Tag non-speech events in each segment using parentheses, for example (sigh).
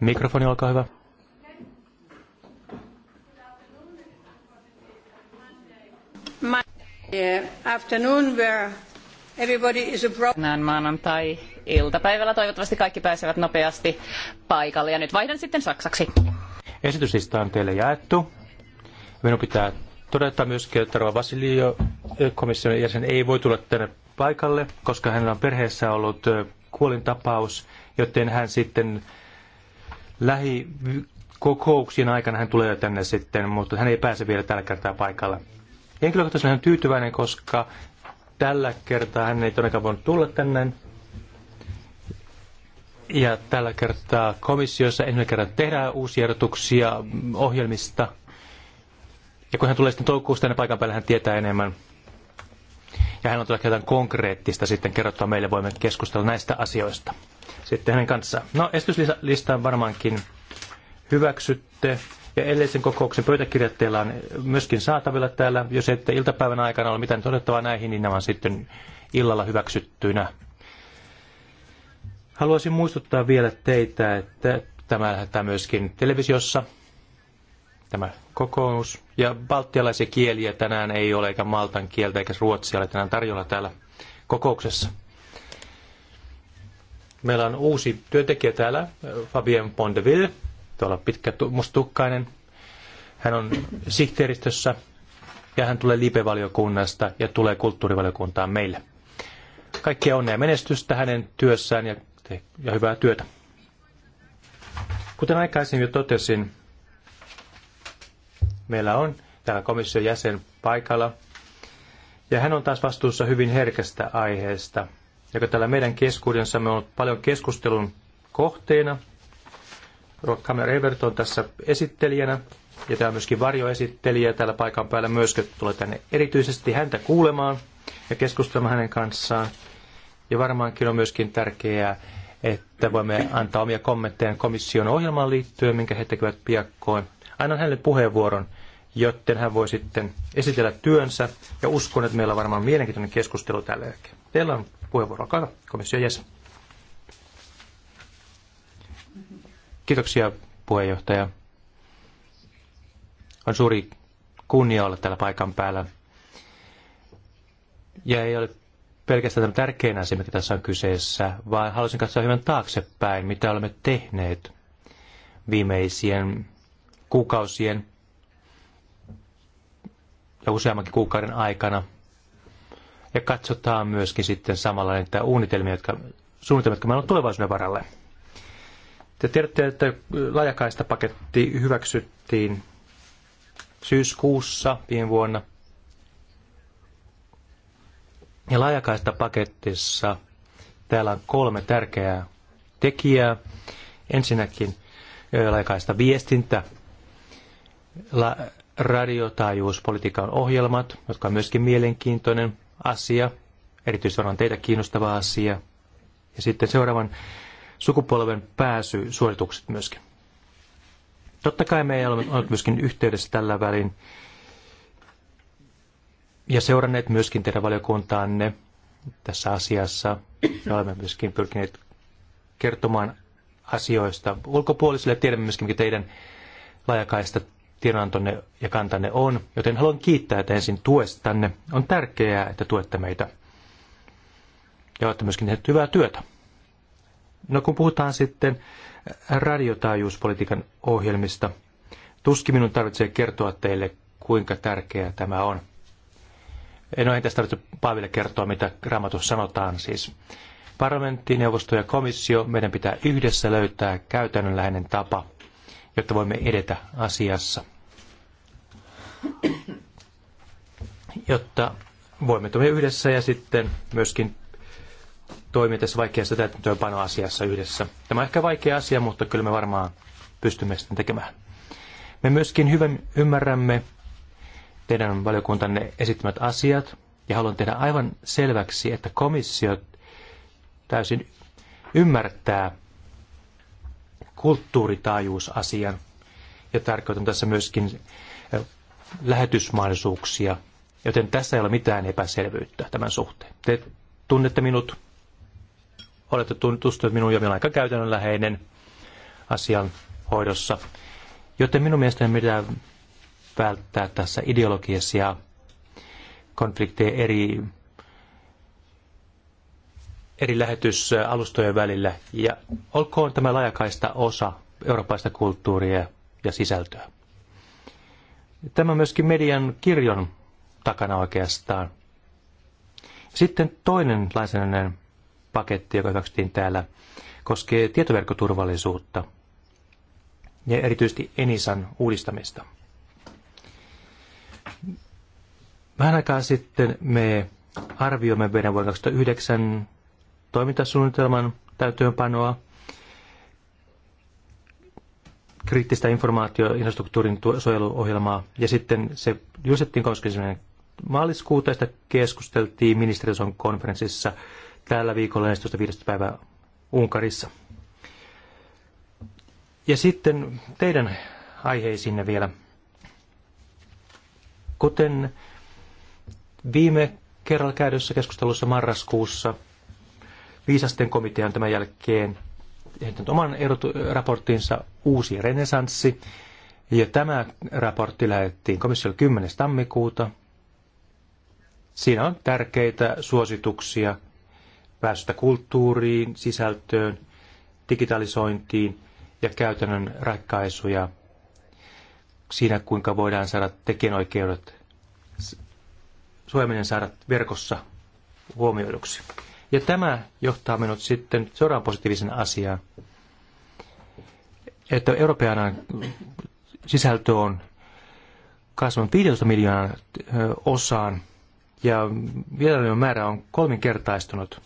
Mikrofoni, olkaa hyvä. Tänään maanantai-iltapäivällä toivottavasti kaikki pääsevät nopeasti paikalle. Ja nyt vaihdan sitten saksaksi. Esityslista on teille jaettu. Minun pitää todeta myöskin, että Rova Vasilio, komission jäsen, ei voi tulla tänne paikalle, koska hänellä on perheessä ollut kuolintapaus, joten hän sitten lähikokouksien aikana hän tulee tänne sitten, mutta hän ei pääse vielä tällä kertaa paikalle. Henkilökohtaisesti hän on tyytyväinen, koska tällä kertaa hän ei todennäköisesti voinut tulla tänne. Ja tällä kertaa komissiossa ensimmäisen kerran tehdään uusia ehdotuksia ohjelmista. Ja kun hän tulee sitten toukokuussa tänne paikan päälle, hän tietää enemmän. Ja hän on tuolla jotain konkreettista sitten kerrottua meille, voimme keskustella näistä asioista sitten hänen kanssaan. No, esityslistaan varmaankin hyväksytte. Ja edellisen kokouksen pöytäkirjat teillä on myöskin saatavilla täällä. Jos ette iltapäivän aikana ole mitään todettavaa näihin, niin nämä on sitten illalla hyväksyttynä. Haluaisin muistuttaa vielä teitä, että tämä lähetetään myöskin televisiossa – tämä kokous. Ja baltialaisia kieliä tänään ei ole, eikä maltan kieltä, eikä ruotsia ole tänään tarjolla täällä kokouksessa. Meillä on uusi työntekijä täällä, Fabien Pondeville, tuolla pitkä mustukkainen. Hän on sihteeristössä ja hän tulee liipevaliokunnasta ja tulee kulttuurivaliokuntaan meille. Kaikkea onnea menestystä hänen työssään ja, ja hyvää työtä. Kuten aikaisemmin jo totesin, Meillä on täällä komission jäsen paikalla. Ja hän on taas vastuussa hyvin herkästä aiheesta, joka täällä meidän keskuudessamme on ollut paljon keskustelun kohteena. Kamer Evert on tässä esittelijänä ja täällä myöskin varjoesittelijä täällä paikan päällä myöskin tulee tänne erityisesti häntä kuulemaan ja keskustelemaan hänen kanssaan. Ja varmaankin on myöskin tärkeää, että voimme antaa omia kommentteja komission ohjelmaan liittyen, minkä he tekevät piakkoin. Annan hänelle puheenvuoron, joten hän voi sitten esitellä työnsä ja uskon, että meillä on varmaan mielenkiintoinen keskustelu tällä hetkellä. Teillä on puheenvuoro, olkaa komission jäsen. Kiitoksia puheenjohtaja. On suuri kunnia olla täällä paikan päällä. Ja ei ole pelkästään tämä tärkein asia, mikä tässä on kyseessä, vaan halusin katsoa hyvän taaksepäin, mitä olemme tehneet viimeisien kuukausien ja useammankin kuukauden aikana. Ja katsotaan myöskin sitten samalla niitä unitelmia, jotka, suunnitelmia, jotka meillä on tulevaisuuden varalle. Te tiedätte, että paketti hyväksyttiin syyskuussa viime vuonna. Ja laajakaistapaketissa täällä on kolme tärkeää tekijää. Ensinnäkin laajakaista viestintä radiotaajuuspolitiikan ohjelmat, jotka on myöskin mielenkiintoinen asia, erityisesti varmaan teitä kiinnostava asia. Ja sitten seuraavan sukupolven pääsysuoritukset myöskin. Totta kai me olemme olleet myöskin yhteydessä tällä välin ja seuranneet myöskin teidän valiokuntaanne tässä asiassa. Me olemme myöskin pyrkineet kertomaan asioista ulkopuolisille. Tiedämme myöskin teidän laajakaista tiedonantonne ja kantanne on, joten haluan kiittää että ensin tuestanne. On tärkeää, että tuette meitä ja olette myöskin tehneet hyvää työtä. No kun puhutaan sitten radiotaajuuspolitiikan ohjelmista, tuskin minun tarvitsee kertoa teille, kuinka tärkeää tämä on. En ole tästä tarvitse Paaville kertoa, mitä raamatussa sanotaan siis. Parlamentti, neuvosto ja komissio, meidän pitää yhdessä löytää käytännönläheinen tapa – jotta voimme edetä asiassa. Jotta voimme toimia yhdessä ja sitten myöskin toimia tässä vaikeassa täytäntöönpanoasiassa yhdessä. Tämä on ehkä vaikea asia, mutta kyllä me varmaan pystymme sitten tekemään. Me myöskin hyvin ymmärrämme teidän valiokuntanne esittämät asiat ja haluan tehdä aivan selväksi, että komissio täysin ymmärtää kulttuuritaajuusasian. Ja tarkoitan tässä myöskin eh, lähetysmahdollisuuksia, joten tässä ei ole mitään epäselvyyttä tämän suhteen. Te tunnette minut, olette tutustunut minuun ja minä olen aika käytännönläheinen asian hoidossa. Joten minun mielestäni pitää välttää tässä ideologisia konflikteja eri eri lähetysalustojen välillä ja olkoon tämä laajakaista osa eurooppalaista kulttuuria ja sisältöä. Tämä myöskin median kirjon takana oikeastaan. Sitten toinen lainsäädännön paketti, joka hyväksyttiin täällä, koskee tietoverkkoturvallisuutta ja erityisesti Enisan uudistamista. Vähän aikaa sitten me arvioimme meidän vuoden 2009 toimintasuunnitelman täytyönpanoa, kriittistä informaatioinfrastruktuurin suojeluohjelmaa ja sitten se jusettiin 21. maaliskuuta ja sitä keskusteltiin ministeriöson konferenssissa tällä viikolla 14.5. päivä Unkarissa. Ja sitten teidän aiheisiinne vielä. Kuten viime kerralla käydyssä keskustelussa marraskuussa – viisasten komitean tämän jälkeen tehnyt oman raporttinsa Uusi renesanssi. Ja tämä raportti lähetettiin komissiolle 10. tammikuuta. Siinä on tärkeitä suosituksia päästä kulttuuriin, sisältöön, digitalisointiin ja käytännön ratkaisuja siinä, kuinka voidaan saada tekijänoikeudet Suomen saada verkossa huomioiduksi. Ja tämä johtaa minut sitten seuraavan positiivisen asiaan, että Euroopan sisältö on kasvanut 15 miljoonan osaan ja vierailijoiden määrä on kolminkertaistunut.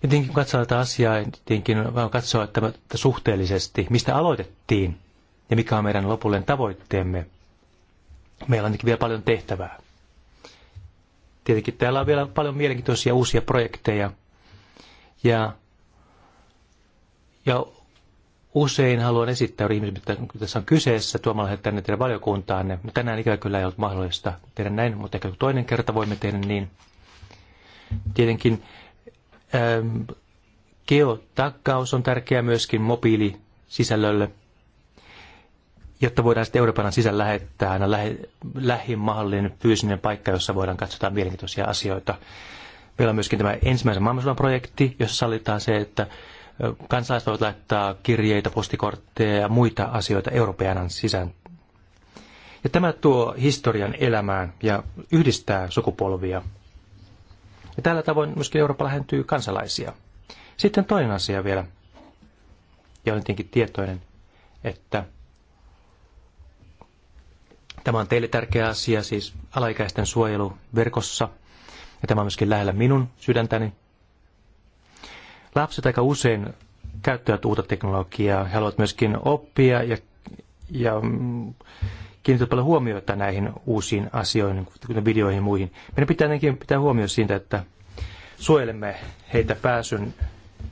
Tietenkin kun katsoo tätä asiaa, tietenkin vaan katsoa että, että suhteellisesti, mistä aloitettiin ja mikä on meidän lopullinen tavoitteemme. Meillä on vielä paljon tehtävää. Tietenkin täällä on vielä paljon mielenkiintoisia uusia projekteja. Ja, ja usein haluan esittää ihmisille, että tässä on kyseessä tuomalla heidät tänne teidän valiokuntaanne. No tänään ikävä kyllä ei ollut mahdollista tehdä näin, mutta ehkä toinen kerta voimme tehdä niin. Tietenkin ähm, geotakkaus on tärkeä myöskin mobiilisisällölle – jotta voidaan sitten Euroopan sisällä lähettää aina lähe, lähin mahdollinen fyysinen paikka, jossa voidaan katsoa mielenkiintoisia asioita. Meillä on myöskin tämä ensimmäisen maailmansodan projekti, jossa sallitaan se, että kansalaiset voivat laittaa kirjeitä, postikortteja ja muita asioita Euroopan sisään. Ja tämä tuo historian elämään ja yhdistää sukupolvia. Ja tällä tavoin myöskin Eurooppa lähentyy kansalaisia. Sitten toinen asia vielä, ja olen tietenkin tietoinen, että Tämä on teille tärkeä asia, siis alaikäisten suojelu verkossa. Ja tämä on myöskin lähellä minun sydäntäni. Lapset aika usein käyttävät uutta teknologiaa. He haluavat myöskin oppia ja, ja mm, kiinnittävät paljon huomiota näihin uusiin asioihin, kuten videoihin ja muihin. Meidän pitää tietenkin pitää huomioon siitä, että suojelemme heitä pääsyn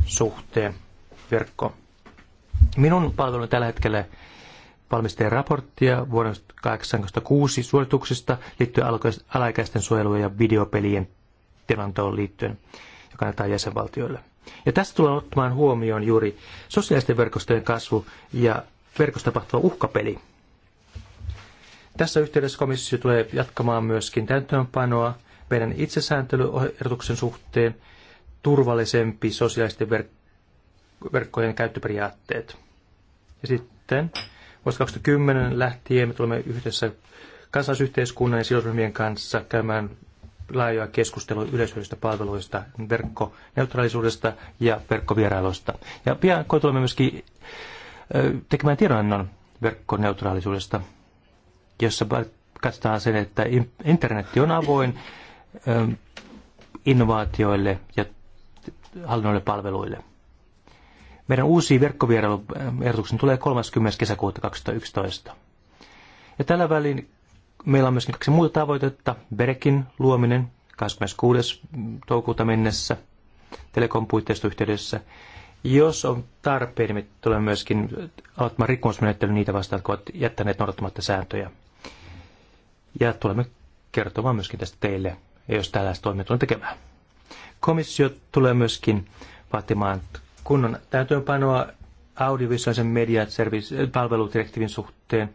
suhteen verkkoon. Minun palveluni tällä hetkellä valmisteen raporttia vuoden 1986 suosituksista liittyen alaikäisten suojeluun ja videopelien tilantoon liittyen, joka annetaan jäsenvaltioille. Ja tästä tullaan ottamaan huomioon juuri sosiaalisten verkostojen kasvu ja verkosta tapahtuva uhkapeli. Tässä yhteydessä komissio tulee jatkamaan myöskin täytäntöönpanoa meidän itsesääntelyehdotuksen suhteen turvallisempi sosiaalisten verk- verkkojen käyttöperiaatteet. Ja sitten Vuosi 2010 lähtien me tulemme yhdessä kansalaisyhteiskunnan ja sidosryhmien kanssa käymään laajoja keskustelua yleisöistä palveluista, verkkoneutraalisuudesta ja verkkovierailuista. Ja pian tulemme myöskin tekemään tiedonannon verkkoneutraalisuudesta, jossa katsotaan sen, että internetti on avoin innovaatioille ja hallinnoille palveluille. Meidän uusi verkkovierailuehdotuksen tulee 30. kesäkuuta 2011. Ja tällä välin meillä on myöskin kaksi muuta tavoitetta. Berekin luominen 26. toukokuuta mennessä telekom yhteydessä. Jos on tarpeen, niin me tulemme myöskin aloittamaan rikkomusmenettelyä niitä vastaan, jotka ovat jättäneet noudattamatta sääntöjä. Ja tulemme kertomaan myöskin tästä teille, jos tällaista toimia tulee tekemään. Komissio tulee myöskin vaatimaan kunnon täytäntöönpanoa audiovisuaalisen media palveludirektiivin suhteen,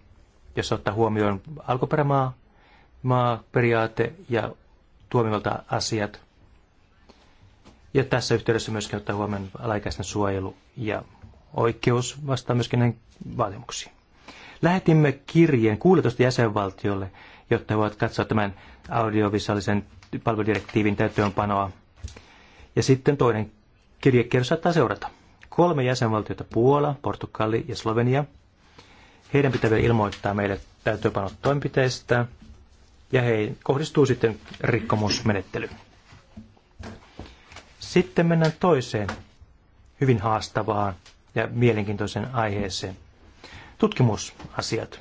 jossa ottaa huomioon alkuperämaa, maa, periaate ja tuomivalta asiat. Ja tässä yhteydessä myöskin ottaa huomioon alaikäisten suojelu ja oikeus vastaa myöskin näihin vaatimuksiin. Lähetimme kirjeen 16 jäsenvaltiolle, jotta he voivat katsoa tämän audiovisuaalisen palveludirektiivin täyttöönpanoa. Ja sitten toinen kirjekierros saattaa seurata. Kolme jäsenvaltiota, Puola, Portugali ja Slovenia, heidän pitää vielä ilmoittaa meille toimenpiteistä ja heihin kohdistuu sitten rikkomusmenettely. Sitten mennään toiseen hyvin haastavaan ja mielenkiintoiseen aiheeseen. Tutkimusasiat.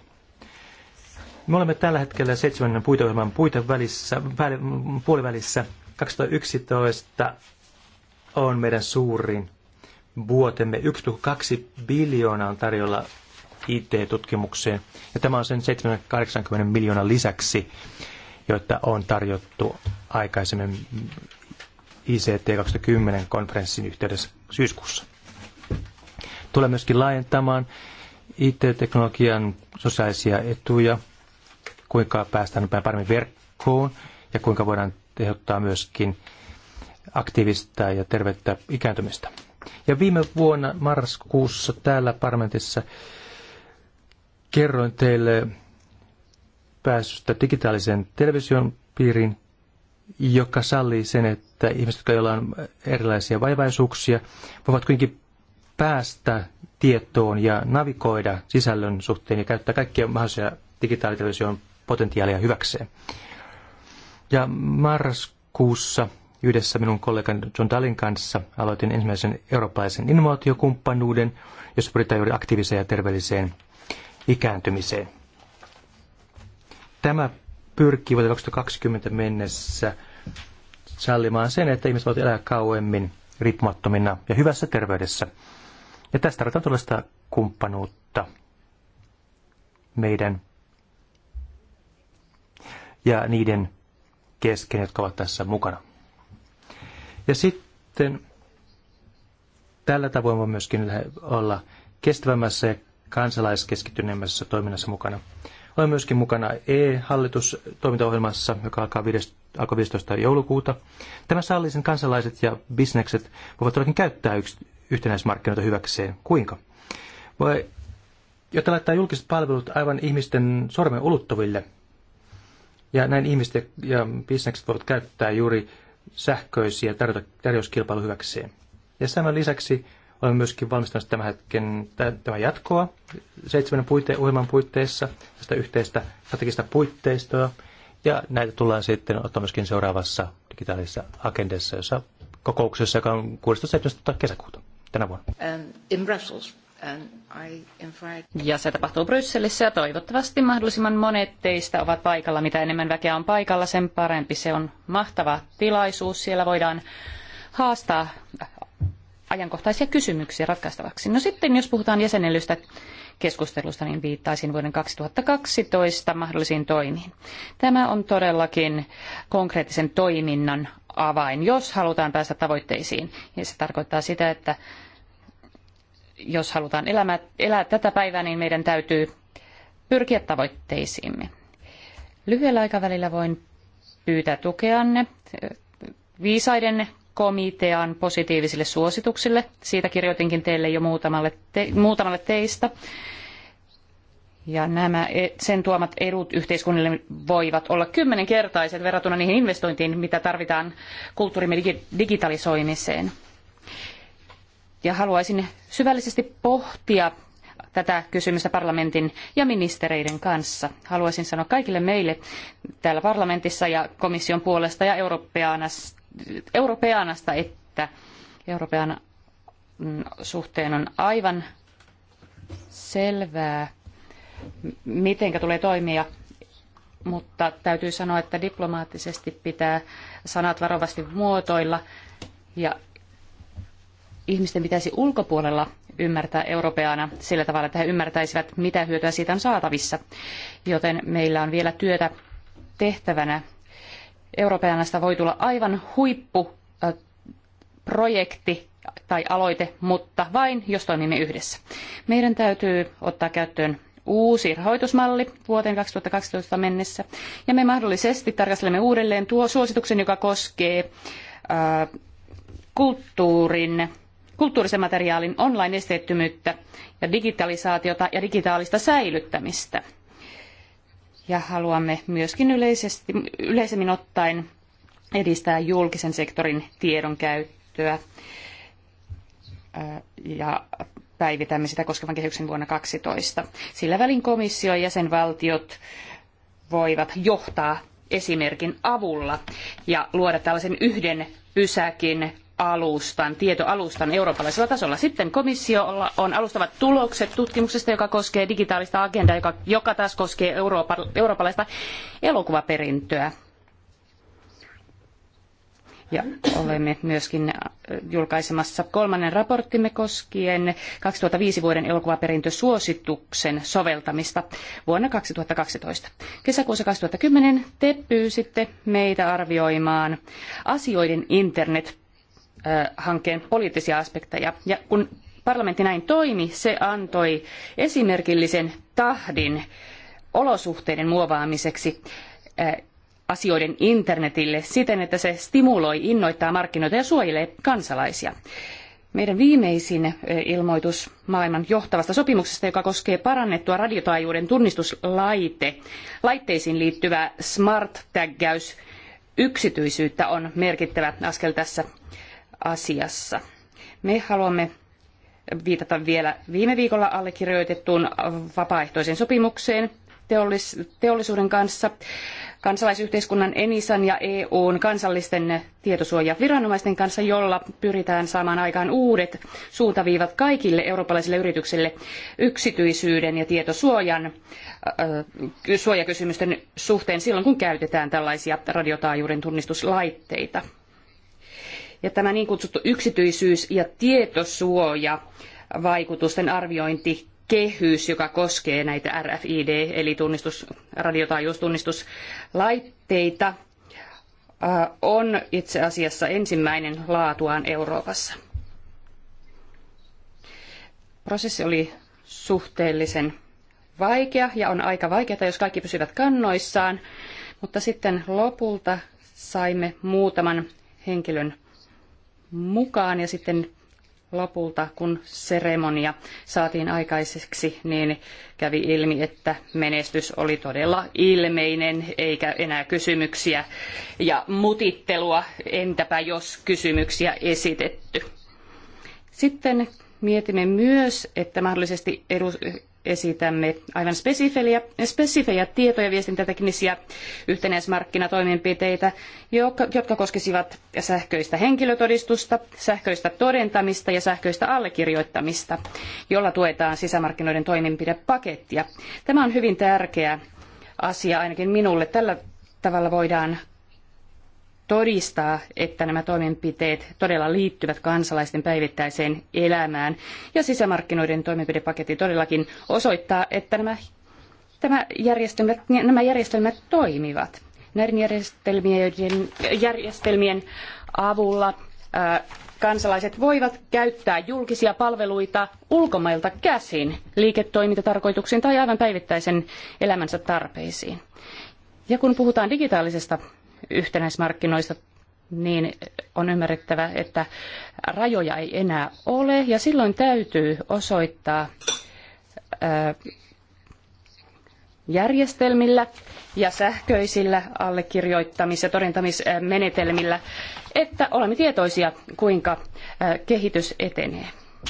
Me olemme tällä hetkellä seitsemännen puiteohjelman puitevälissä, puolivälissä 2011 on meidän suurin vuotemme. 1,2 biljoonaa on tarjolla IT-tutkimukseen. Ja tämä on sen 780 miljoonan lisäksi, joita on tarjottu aikaisemmin ICT 2010-konferenssin yhteydessä syyskuussa. Tulee myöskin laajentamaan IT-teknologian sosiaalisia etuja, kuinka päästään paremmin verkkoon ja kuinka voidaan tehottaa myöskin aktiivista ja tervettä ikääntymistä. Ja viime vuonna marraskuussa täällä parlamentissa kerroin teille pääsystä digitaalisen television piiriin, joka sallii sen, että ihmiset, jotka joilla on erilaisia vaivaisuuksia, voivat kuitenkin päästä tietoon ja navigoida sisällön suhteen ja käyttää kaikkia mahdollisia digitaalitelevision potentiaalia hyväkseen. Ja marraskuussa Yhdessä minun kollegan John Dallin kanssa aloitin ensimmäisen eurooppalaisen innovaatiokumppanuuden, jossa pyritään juuri aktiiviseen ja terveelliseen ikääntymiseen. Tämä pyrkii vuoteen 2020 mennessä sallimaan sen, että ihmiset voivat elää kauemmin riippumattomina ja hyvässä terveydessä. Ja tästä tarvitaan tuollaista kumppanuutta meidän ja niiden kesken, jotka ovat tässä mukana. Ja sitten tällä tavoin voi myöskin olla kestävämmässä ja kansalaiskeskittyneemmässä toiminnassa mukana. Olen myöskin mukana e-hallitus toimintaohjelmassa, joka alkaa 15. joulukuuta. Tämä sallii sen kansalaiset ja bisnekset voivat todellakin käyttää yhtenäismarkkinoita hyväkseen. Kuinka? Voi, jotta laittaa julkiset palvelut aivan ihmisten sormen uluttaville, Ja näin ihmiset ja bisnekset voivat käyttää juuri sähköisiä tarjouskilpailu hyväkseen. Ja tämän lisäksi olemme myöskin valmistamassa tämän hetken tämän jatkoa seitsemän puite, ohjelman puitteissa, tästä yhteistä strategista puitteistoa. Ja näitä tullaan sitten ottaa myöskin seuraavassa digitaalisessa agendassa, jossa kokouksessa, joka on 16.17. kesäkuuta tänä vuonna. Um, in Brussels. Ja se tapahtuu Brysselissä ja toivottavasti mahdollisimman monet teistä ovat paikalla. Mitä enemmän väkeä on paikalla, sen parempi. Se on mahtava tilaisuus. Siellä voidaan haastaa ajankohtaisia kysymyksiä ratkaistavaksi. No sitten, jos puhutaan jäsenellystä keskustelusta, niin viittaisin vuoden 2012 mahdollisiin toimiin. Tämä on todellakin konkreettisen toiminnan avain, jos halutaan päästä tavoitteisiin. Ja se tarkoittaa sitä, että jos halutaan elämä, elää tätä päivää, niin meidän täytyy pyrkiä tavoitteisiimme. Lyhyellä aikavälillä voin pyytää tukeanne viisaiden komitean positiivisille suosituksille. Siitä kirjoitinkin teille jo muutamalle, te, muutamalle teistä. Ja nämä e, sen tuomat edut yhteiskunnille voivat olla kymmenenkertaiset verrattuna niihin investointiin, mitä tarvitaan kulttuurimme digitalisoimiseen. Ja haluaisin syvällisesti pohtia tätä kysymystä parlamentin ja ministereiden kanssa. Haluaisin sanoa kaikille meille täällä parlamentissa ja komission puolesta ja europeanasta, että european mm, suhteen on aivan selvää, miten tulee toimia, mutta täytyy sanoa, että diplomaattisesti pitää sanat varovasti muotoilla ja ihmisten pitäisi ulkopuolella ymmärtää europeana sillä tavalla, että he ymmärtäisivät, mitä hyötyä siitä on saatavissa. Joten meillä on vielä työtä tehtävänä. Europeanasta voi tulla aivan huippuprojekti tai aloite, mutta vain jos toimimme yhdessä. Meidän täytyy ottaa käyttöön uusi rahoitusmalli vuoteen 2012 mennessä. Ja me mahdollisesti tarkastelemme uudelleen tuo suosituksen, joka koskee kulttuurin kulttuurisen materiaalin online-esteettömyyttä ja digitalisaatiota ja digitaalista säilyttämistä. Ja haluamme myöskin yleisesti, yleisemmin ottaen edistää julkisen sektorin tiedon käyttöä ja päivitämme sitä koskevan kehyksen vuonna 12. Sillä välin komissio ja jäsenvaltiot voivat johtaa esimerkin avulla ja luoda tällaisen yhden pysäkin alustan, tietoalustan eurooppalaisella tasolla. Sitten komissiolla on alustavat tulokset tutkimuksesta, joka koskee digitaalista agendaa, joka, joka taas koskee Euroopan, eurooppalaista elokuvaperintöä. Ja olemme myöskin äh, julkaisemassa kolmannen raporttimme koskien 2005 vuoden elokuvaperintösuosituksen soveltamista vuonna 2012. Kesäkuussa 2010 te pyysitte meitä arvioimaan asioiden internet hankkeen poliittisia aspekteja. Ja kun parlamentti näin toimi, se antoi esimerkillisen tahdin olosuhteiden muovaamiseksi asioiden internetille siten, että se stimuloi, innoittaa markkinoita ja suojelee kansalaisia. Meidän viimeisin ilmoitus maailman johtavasta sopimuksesta, joka koskee parannettua radiotaajuuden tunnistuslaite, laitteisiin liittyvää smart-tägäys yksityisyyttä on merkittävä askel tässä asiassa. Me haluamme viitata vielä viime viikolla allekirjoitettuun vapaaehtoiseen sopimukseen teollisuuden kanssa kansalaisyhteiskunnan Enisan ja EUn kansallisten tietosuojaviranomaisten kanssa, jolla pyritään saamaan aikaan uudet suuntaviivat kaikille eurooppalaisille yrityksille yksityisyyden ja tietosuojan suojakysymysten suhteen silloin, kun käytetään tällaisia radiotaajuuden tunnistuslaitteita. Ja tämä niin kutsuttu yksityisyys- ja tietosuoja vaikutusten arviointi kehys, joka koskee näitä RFID, eli tunnistus, radiotaajuustunnistuslaitteita, äh, on itse asiassa ensimmäinen laatuaan Euroopassa. Prosessi oli suhteellisen vaikea ja on aika vaikeaa, jos kaikki pysyvät kannoissaan, mutta sitten lopulta saimme muutaman henkilön mukaan ja sitten lopulta, kun seremonia saatiin aikaiseksi, niin kävi ilmi, että menestys oli todella ilmeinen, eikä enää kysymyksiä ja mutittelua, entäpä jos kysymyksiä esitetty. Sitten mietimme myös, että mahdollisesti esitämme aivan spesifejä, spesifejä tieto- ja viestintäteknisiä yhtenäismarkkinatoimenpiteitä, jotka, jotka koskisivat sähköistä henkilötodistusta, sähköistä todentamista ja sähköistä allekirjoittamista, jolla tuetaan sisämarkkinoiden toimenpidepakettia. Tämä on hyvin tärkeä asia ainakin minulle. Tällä tavalla voidaan todistaa, että nämä toimenpiteet todella liittyvät kansalaisten päivittäiseen elämään. Ja sisämarkkinoiden toimenpidepaketti todellakin osoittaa, että nämä, tämä järjestelmät, nämä järjestelmät toimivat. Näiden järjestelmien, järjestelmien avulla ää, kansalaiset voivat käyttää julkisia palveluita ulkomailta käsin liiketoimintatarkoituksiin tai aivan päivittäisen elämänsä tarpeisiin. Ja kun puhutaan digitaalisesta yhtenäismarkkinoista, niin on ymmärrettävä, että rajoja ei enää ole ja silloin täytyy osoittaa järjestelmillä ja sähköisillä allekirjoittamis- ja todentamismenetelmillä, että olemme tietoisia, kuinka kehitys etenee.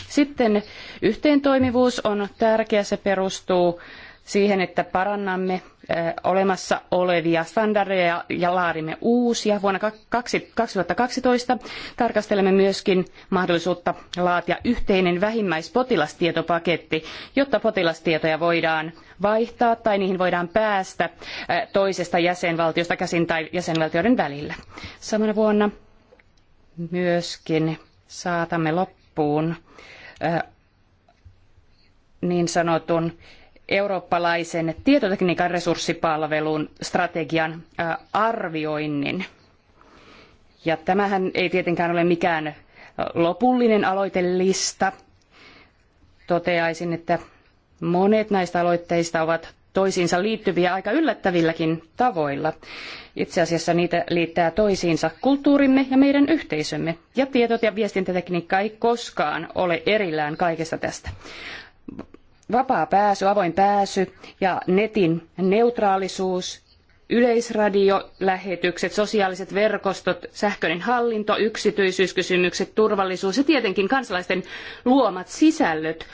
Sitten yhteentoimivuus on tärkeä, se perustuu siihen, että parannamme olemassa olevia standardeja ja laadimme uusia. Vuonna 2012 tarkastelemme myöskin mahdollisuutta laatia yhteinen vähimmäispotilastietopaketti, jotta potilastietoja voidaan vaihtaa tai niihin voidaan päästä toisesta jäsenvaltiosta käsin tai jäsenvaltioiden välillä. Samana vuonna myöskin saatamme loppuun niin sanotun eurooppalaisen tietotekniikan resurssipalvelun strategian arvioinnin. Ja tämähän ei tietenkään ole mikään lopullinen aloitelista. Toteaisin, että monet näistä aloitteista ovat toisiinsa liittyviä aika yllättävilläkin tavoilla. Itse asiassa niitä liittää toisiinsa kulttuurimme ja meidän yhteisömme. Ja tietot ja viestintätekniikka ei koskaan ole erillään kaikesta tästä vapaa pääsy, avoin pääsy ja netin neutraalisuus, yleisradiolähetykset, sosiaaliset verkostot, sähköinen hallinto, yksityisyyskysymykset, turvallisuus ja tietenkin kansalaisten luomat sisällöt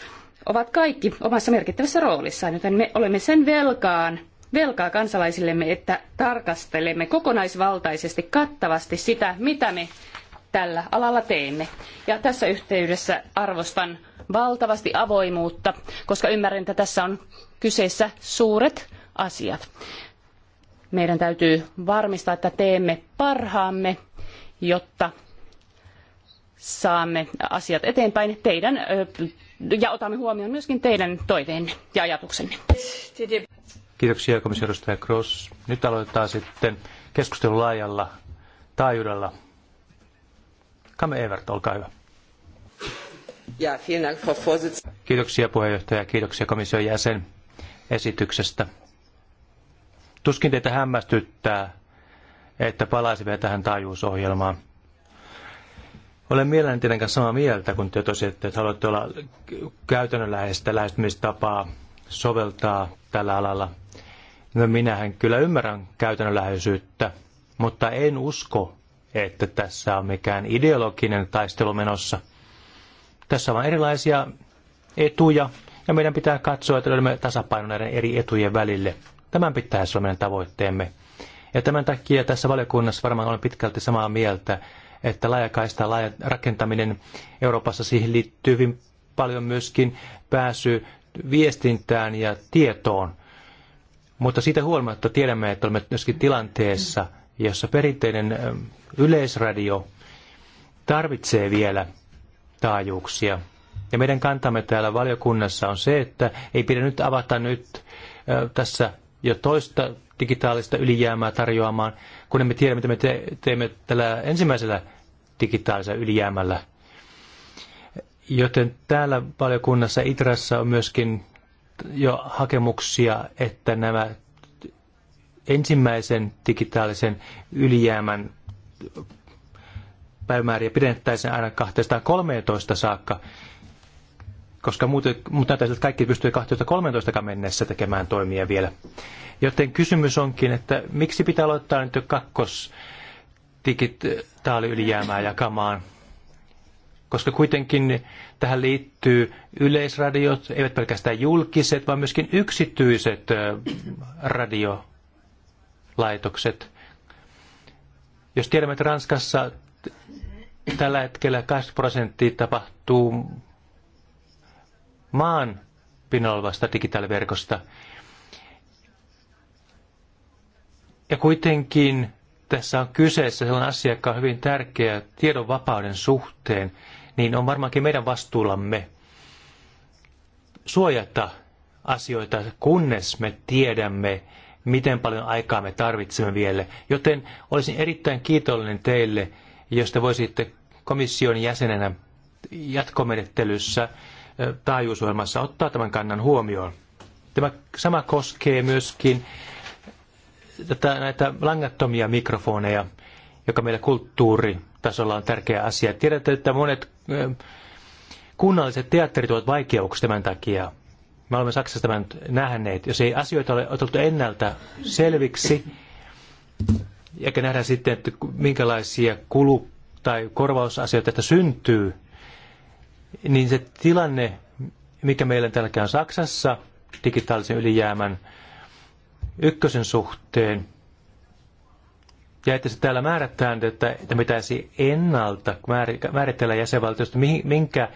ovat kaikki omassa merkittävässä roolissaan, joten me olemme sen velkaan velkaa kansalaisillemme, että tarkastelemme kokonaisvaltaisesti kattavasti sitä, mitä me tällä alalla teemme. Ja tässä yhteydessä arvostan valtavasti avoimuutta, koska ymmärrän, että tässä on kyseessä suuret asiat. Meidän täytyy varmistaa, että teemme parhaamme, jotta saamme asiat eteenpäin teidän ja otamme huomioon myöskin teidän toiveenne ja ajatuksenne. Kiitoksia komissiodustaja Cross. Nyt aloitetaan sitten keskustelu laajalla taajuudella. Kame Evert, olkaa hyvä. Kiitoksia puheenjohtaja, kiitoksia komission jäsen esityksestä. Tuskin teitä hämmästyttää, että palaisimme vielä tähän taajuusohjelmaan. Olen mielelläni teidän kanssa samaa mieltä, kun te tosiatte, että haluatte olla käytännönläheistä lähestymistapaa soveltaa tällä alalla. No minähän kyllä ymmärrän käytännönläheisyyttä, mutta en usko, että tässä on mikään ideologinen taistelu menossa – tässä on erilaisia etuja ja meidän pitää katsoa, että löydämme tasapaino näiden eri etujen välille. Tämän pitää siis olla meidän tavoitteemme. Ja tämän takia tässä valiokunnassa varmaan olen pitkälti samaa mieltä, että laajakaista laaja rakentaminen Euroopassa siihen liittyy hyvin paljon myöskin pääsy viestintään ja tietoon. Mutta siitä huolimatta tiedämme, että olemme myöskin tilanteessa, jossa perinteinen yleisradio tarvitsee vielä taajuuksia. Ja meidän kantamme täällä valiokunnassa on se, että ei pidä nyt avata nyt tässä jo toista digitaalista ylijäämää tarjoamaan, kun emme tiedä, mitä me te- teemme tällä ensimmäisellä digitaalisella ylijäämällä. Joten täällä valiokunnassa Itrassa on myöskin jo hakemuksia, että nämä ensimmäisen digitaalisen ylijäämän päivämääriä pidennettäisiin aina 213 saakka, koska muuten, mutta näyttäisi, että kaikki pystyy 2013 mennessä tekemään toimia vielä. Joten kysymys onkin, että miksi pitää aloittaa nyt jo kakkos digitaaliylijäämää eh, jakamaan, koska kuitenkin tähän liittyy yleisradiot, eivät pelkästään julkiset, vaan myöskin yksityiset eh, radiolaitokset. Jos tiedämme, että Ranskassa tällä hetkellä 80 prosenttia tapahtuu maan pinnalla olevasta digitaaliverkosta. Ja kuitenkin tässä on kyseessä sellainen asia, joka on hyvin tärkeä tiedon vapauden suhteen, niin on varmaankin meidän vastuullamme suojata asioita, kunnes me tiedämme, miten paljon aikaa me tarvitsemme vielä. Joten olisin erittäin kiitollinen teille jos te voisitte komission jäsenenä jatkomenettelyssä taajuusohjelmassa ottaa tämän kannan huomioon. Tämä sama koskee myöskin tätä, näitä langattomia mikrofoneja, joka meillä kulttuuritasolla on tärkeä asia. Tiedätte, että monet kunnalliset teatterit ovat vaikeuksia tämän takia. Me olemme Saksassa tämän nähneet. Jos ei asioita ole otettu ennalta selviksi, ja nähdään sitten, että minkälaisia kulu- tai korvausasioita tästä syntyy, niin se tilanne, mikä meillä tälläkään Saksassa digitaalisen ylijäämän ykkösen suhteen, ja että se täällä määrätään, että, että pitäisi ennalta määritellä jäsenvaltiosta, minkä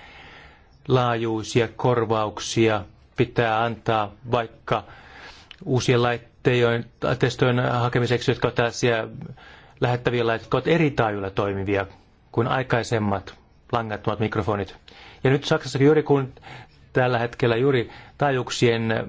laajuisia korvauksia pitää antaa vaikka uusien laitteiden testojen hakemiseksi, jotka ovat tällaisia lähettäviä jotka ovat eri taajuilla toimivia kuin aikaisemmat langattomat mikrofonit. Ja nyt Saksassa juuri kun tällä hetkellä juuri taajuuksien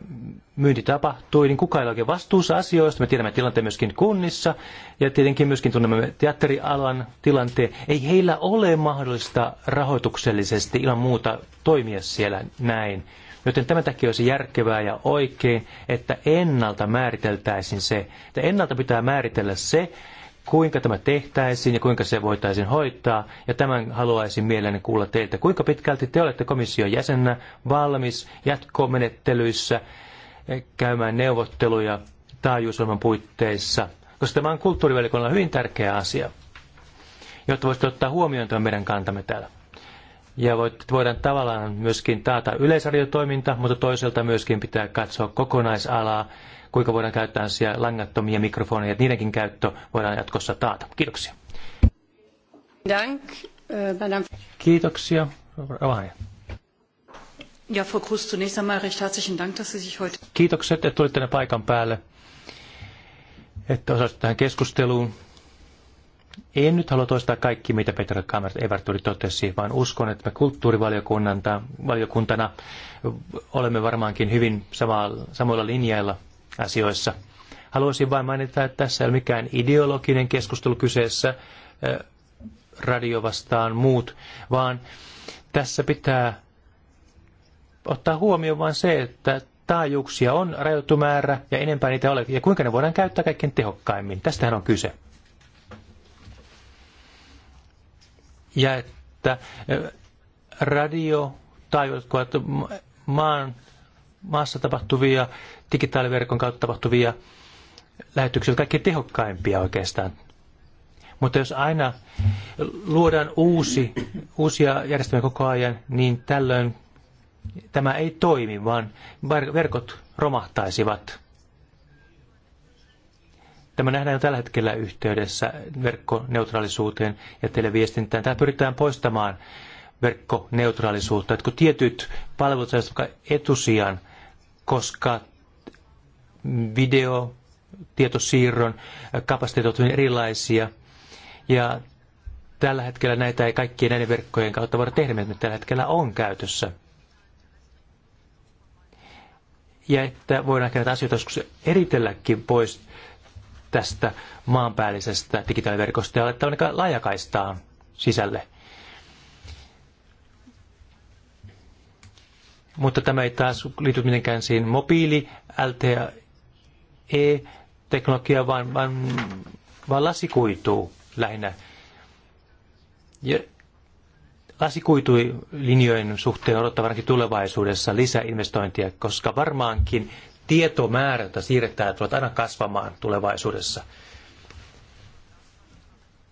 myynti tapahtui, niin kukaan ei ole oikein vastuussa asioista. Me tiedämme tilanteen myöskin kunnissa ja tietenkin myöskin tunnemme teatterialan tilanteen. Ei heillä ole mahdollista rahoituksellisesti ilman muuta toimia siellä näin. Joten tämän takia olisi järkevää ja oikein, että ennalta määriteltäisiin se, että ennalta pitää määritellä se, kuinka tämä tehtäisiin ja kuinka se voitaisiin hoitaa. Ja tämän haluaisin mielelläni kuulla teiltä. Kuinka pitkälti te olette komission jäsenä valmis jatkomenettelyissä eh, käymään neuvotteluja taajuusohjelman puitteissa? Koska tämä on kulttuurivälikunnalle hyvin tärkeä asia, jotta voisitte ottaa huomioon tämän meidän kantamme täällä. Ja voidaan tavallaan myöskin taata yleisradiotoiminta, mutta toisaalta myöskin pitää katsoa kokonaisalaa, kuinka voidaan käyttää siellä langattomia mikrofoneja, että niidenkin käyttö voidaan jatkossa taata. Kiitoksia. Dank, äh, Kiitoksia. Ravahaja. Ja, Frau Krus, zunächst einmal recht herzlichen Dank, dass Sie sich heute... Kiitokset, että tulitte tänne paikan päälle, että osallistutte tähän keskusteluun. En nyt halua toistaa kaikki, mitä Petra Kamert Evertuli totesi, vaan uskon, että me kulttuurivaliokuntana olemme varmaankin hyvin sama, samoilla linjailla asioissa. Haluaisin vain mainita, että tässä ei ole mikään ideologinen keskustelu kyseessä, eh, radio vastaan muut, vaan tässä pitää ottaa huomioon vain se, että taajuuksia on rajoittu määrä ja enempää niitä ole, ja kuinka ne voidaan käyttää kaikkein tehokkaimmin. Tästähän on kyse. ja että radio tai maan, maassa tapahtuvia, digitaaliverkon kautta tapahtuvia lähetyksiä, ovat kaikkein tehokkaimpia oikeastaan. Mutta jos aina luodaan uusi, uusia järjestelmiä koko ajan, niin tällöin tämä ei toimi, vaan verkot romahtaisivat. Tämä nähdään jo tällä hetkellä yhteydessä verkkoneutraalisuuteen ja televiestintään. Tämä pyritään poistamaan verkkoneutraalisuutta, että kun tietyt palvelut saisivat etusijan, koska video, tietosiirron kapasiteetit ovat erilaisia. Ja tällä hetkellä näitä ei kaikkien näiden verkkojen kautta voida tehdä, mitä tällä hetkellä on käytössä. Ja että voidaan näitä asioita joskus eritelläkin pois tästä maanpäällisestä digitaaliverkosta ja laittaa ainakaan laajakaistaan sisälle. Mutta tämä ei taas liity mitenkään siihen mobiili, LTE-teknologia, vaan, vaan, vaan lasikuituu lähinnä. Ja linjojen suhteen odottaa varmasti tulevaisuudessa lisäinvestointia, koska varmaankin – tietomäärä, jota siirretään, tulee aina kasvamaan tulevaisuudessa.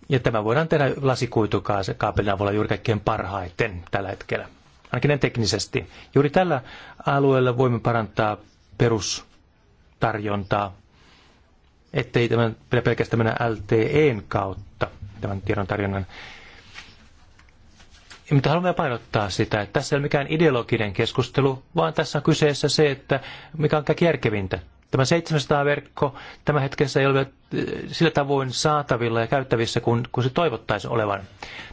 Ja tämä voidaan tehdä lasikuitukaapelin avulla juuri kaikkein parhaiten tällä hetkellä, ainakin teknisesti. Juuri tällä alueella voimme parantaa perustarjontaa, ettei tämän pelkästään mennä LTEn kautta tämän tiedon tarjonnan mutta haluamme painottaa sitä, että tässä ei ole mikään ideologinen keskustelu, vaan tässä on kyseessä se, että mikä on järkevintä. Tämä 700-verkko tämä hetkessä ei ole eh, sillä tavoin saatavilla ja käyttävissä kuin, kuin se toivottaisiin olevan.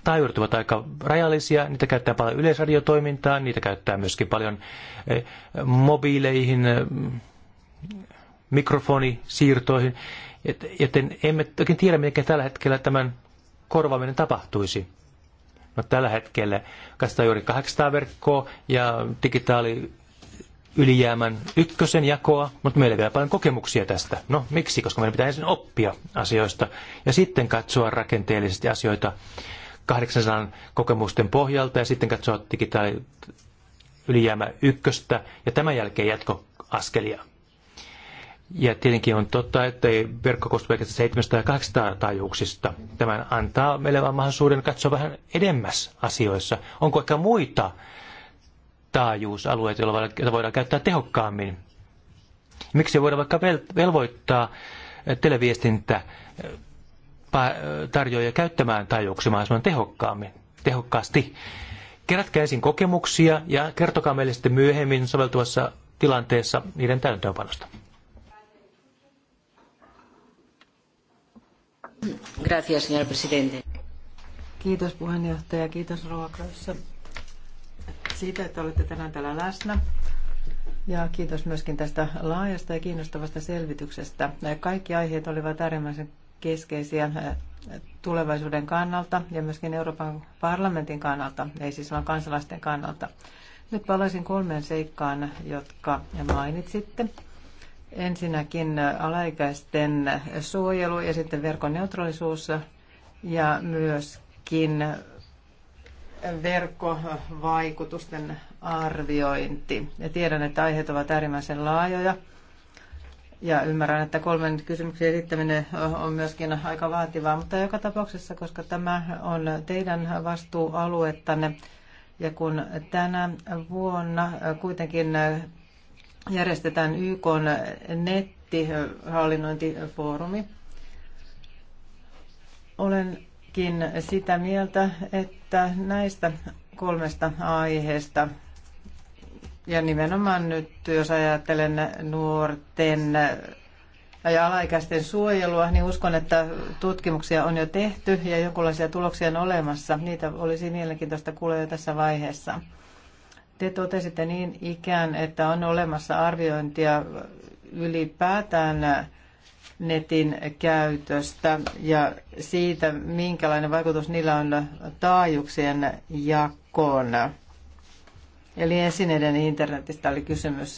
Taajuudet ovat aika rajallisia, niitä käyttää paljon yleisradiotoimintaa, niitä käyttää myöskin paljon eh, mobiileihin, eh, mikrofonisiirtoihin, joten emme oikein tiedä, miten tällä hetkellä tämän korvaaminen tapahtuisi. No tällä hetkellä katsotaan juuri 800 verkkoa ja digitaali ylijäämän ykkösen jakoa, mutta meillä ei vielä paljon kokemuksia tästä. No miksi? Koska meidän pitää ensin oppia asioista ja sitten katsoa rakenteellisesti asioita 800 kokemusten pohjalta ja sitten katsoa digitaali ylijäämä ykköstä ja tämän jälkeen jatkoaskelia. Ja tietenkin on totta, että ei verkko koostu pelkästään 700 ja 800 taajuuksista. Tämä antaa meille vaan mahdollisuuden katsoa vähän edemmäs asioissa. Onko ehkä muita taajuusalueita, joita voidaan käyttää tehokkaammin? Miksi voidaan vaikka velvoittaa eh, televiestintä eh, eh, tarjoajia käyttämään taajuuksia mahdollisimman tehokkaammin, tehokkaasti? Kerätkää ensin kokemuksia ja kertokaa meille sitten myöhemmin soveltuvassa tilanteessa niiden täytäntöönpanosta. Gracias, señor presidente. Kiitos puheenjohtaja, kiitos Rova Krössä siitä, että olette tänään täällä läsnä. Ja kiitos myöskin tästä laajasta ja kiinnostavasta selvityksestä. Kaikki aiheet olivat äärimmäisen keskeisiä eh, tulevaisuuden kannalta ja myöskin Euroopan parlamentin kannalta, ei siis vaan kansalaisten kannalta. Nyt palaisin kolmeen seikkaan, jotka mainitsitte. Ensinnäkin alaikäisten suojelu ja sitten verkon neutraalisuus ja myöskin verkkovaikutusten arviointi. Ja tiedän, että aiheet ovat äärimmäisen laajoja. Ja ymmärrän, että kolmen kysymyksen esittäminen on myöskin aika vaativaa, mutta joka tapauksessa, koska tämä on teidän vastuualuettanne, ja kun tänä vuonna kuitenkin järjestetään YK nettihallinnointifoorumi. Olenkin sitä mieltä, että näistä kolmesta aiheesta ja nimenomaan nyt, jos ajattelen nuorten ja alaikäisten suojelua, niin uskon, että tutkimuksia on jo tehty ja jonkinlaisia tuloksia on olemassa. Niitä olisi mielenkiintoista kuulla jo tässä vaiheessa. Te totesitte niin ikään, että on olemassa arviointia ylipäätään netin käytöstä ja siitä, minkälainen vaikutus niillä on taajuuksien jakoon. Eli esineiden internetistä oli kysymys.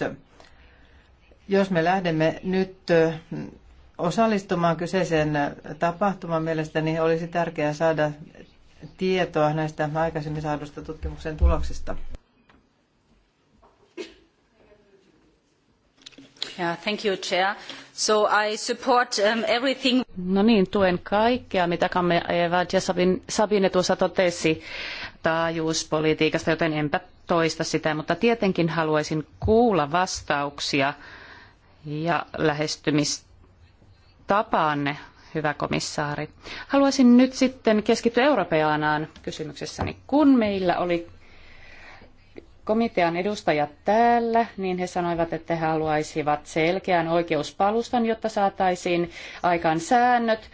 Jos me lähdemme nyt osallistumaan kyseiseen tapahtumaan, mielestäni olisi tärkeää saada tietoa näistä aikaisemmin saadusta tutkimuksen tuloksista. Um, no niin, tuen kaikkea, mitä Kamme Evad ja Sabine tuossa totesi taajuuspolitiikasta, joten enpä toista sitä, mutta tietenkin haluaisin kuulla vastauksia ja lähestymistapaanne, hyvä komissaari. Haluaisin nyt sitten keskittyä europeanaan kysymyksessäni. Kun meillä oli komitean edustajat täällä, niin he sanoivat, että he haluaisivat selkeän oikeuspalustan, jotta saataisiin aikaan säännöt,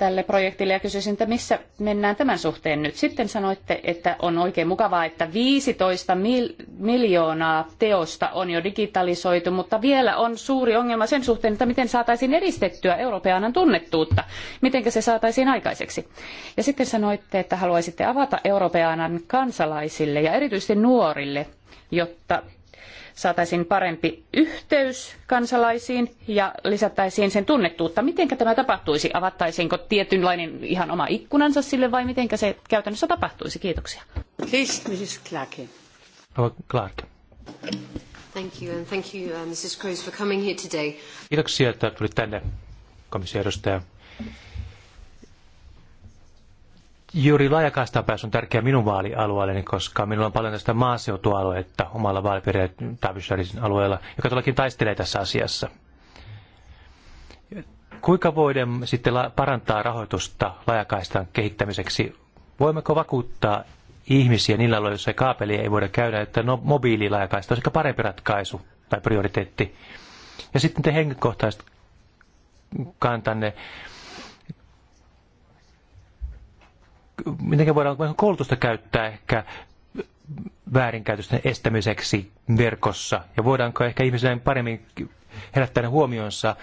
tälle projektille ja kysyisin, että missä mennään tämän suhteen nyt. Sitten sanoitte, että on oikein mukavaa, että 15 mil- miljoonaa teosta on jo digitalisoitu, mutta vielä on suuri ongelma sen suhteen, että miten saataisiin edistettyä europeanan tunnettuutta, miten se saataisiin aikaiseksi. Ja sitten sanoitte, että haluaisitte avata europeanan kansalaisille ja erityisesti nuorille, jotta saataisiin parempi yhteys kansalaisiin ja lisättäisiin sen tunnettuutta. Miten tämä tapahtuisi? Avattaisiinko tietynlainen ihan oma ikkunansa sille vai miten se käytännössä tapahtuisi? Kiitoksia. Mrs. Clark. Thank you and thank you, uh, Mrs. Cruz, for coming here today. Kiitoksia, että tulit tänne komission edustaja. Juuri laajakaistapääs on tärkeä minun vaalialueelleni, koska minulla on paljon tästä maaseutualuetta omalla vaalipiirillä alueella, joka todellakin taistelee tässä asiassa. Kuinka voidaan sitten parantaa rahoitusta laajakaistan kehittämiseksi? Voimmeko vakuuttaa ihmisiä niillä alueilla, joissa kaapeli ei voida käydä, että no, mobiililaajakaista olisi parempi ratkaisu tai prioriteetti? Ja sitten te henkilökohtaiset kantanne miten voidaan koulutusta käyttää ehkä väärinkäytösten estämiseksi verkossa? Ja voidaanko ehkä ihmisille paremmin herättää ne huomionsa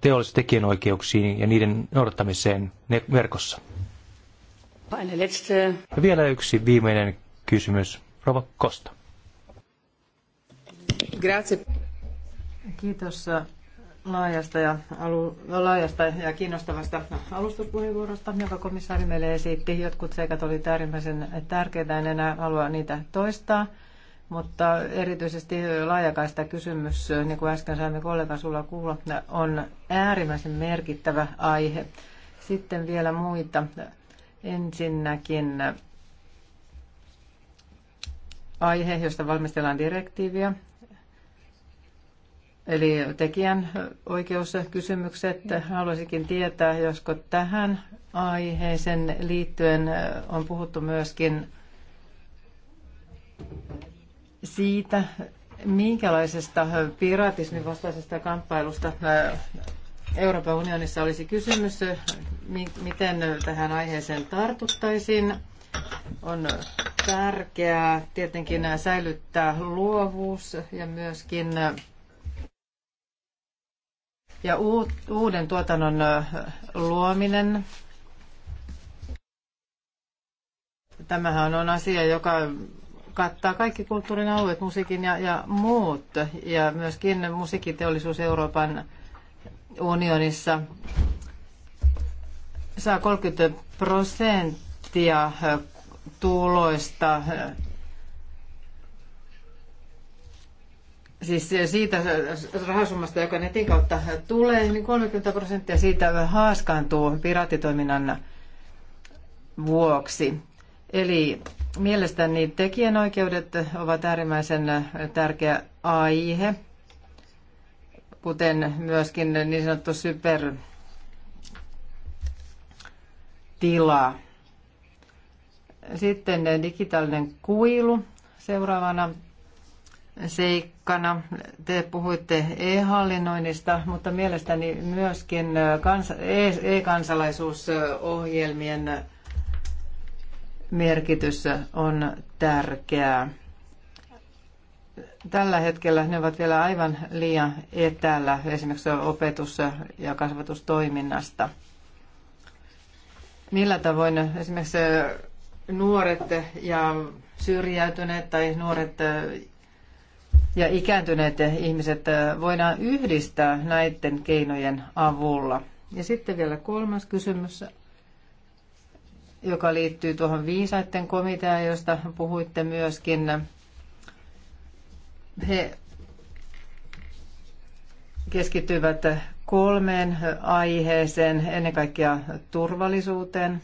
teollisiin tekijänoikeuksiin ja niiden noudattamiseen verkossa? Ja vielä yksi viimeinen kysymys. Rova Kosta. Grazie. Kiitos laajasta ja, alu, laajasta ja kiinnostavasta alustuspuheenvuorosta, joka komissaari meille esitti. Jotkut seikat olivat äärimmäisen tärkeitä, en enää halua niitä toistaa. Mutta erityisesti laajakaista kysymys, niin kuin äsken saimme kollegan sulla kuulla, on äärimmäisen merkittävä aihe. Sitten vielä muita. Ensinnäkin aihe, josta valmistellaan direktiiviä eli tekijän oikeuskysymykset. Haluaisinkin tietää, josko tähän aiheeseen liittyen on puhuttu myöskin siitä, minkälaisesta piratismin vastaisesta kamppailusta Euroopan unionissa olisi kysymys, miten tähän aiheeseen tartuttaisiin. On tärkeää tietenkin säilyttää luovuus ja myöskin ja uuden tuotannon luominen. Tämähän on asia, joka kattaa kaikki kulttuurin alueet, musiikin ja, ja muut, ja myöskin musiikiteollisuus Euroopan unionissa saa 30 prosenttia tuloista siis siitä rahasummasta, joka netin kautta tulee, niin 30 prosenttia siitä haaskaantuu piraattitoiminnan vuoksi. Eli mielestäni tekijänoikeudet ovat äärimmäisen tärkeä aihe, kuten myöskin niin sanottu supertila. Sitten digitaalinen kuilu seuraavana seikkana. Te puhuitte e-hallinnoinnista, mutta mielestäni myöskin äh, e-, e-kansalaisuusohjelmien merkitys on tärkeää. Tällä hetkellä ne ovat vielä aivan liian etäällä esimerkiksi opetus- ja kasvatustoiminnasta. Millä tavoin esimerkiksi nuoret ja syrjäytyneet tai nuoret ja ikääntyneet ihmiset voidaan yhdistää näiden keinojen avulla. Ja sitten vielä kolmas kysymys, joka liittyy tuohon viisaiden komiteaan, josta puhuitte myöskin. He keskittyvät kolmeen aiheeseen, ennen kaikkea turvallisuuteen,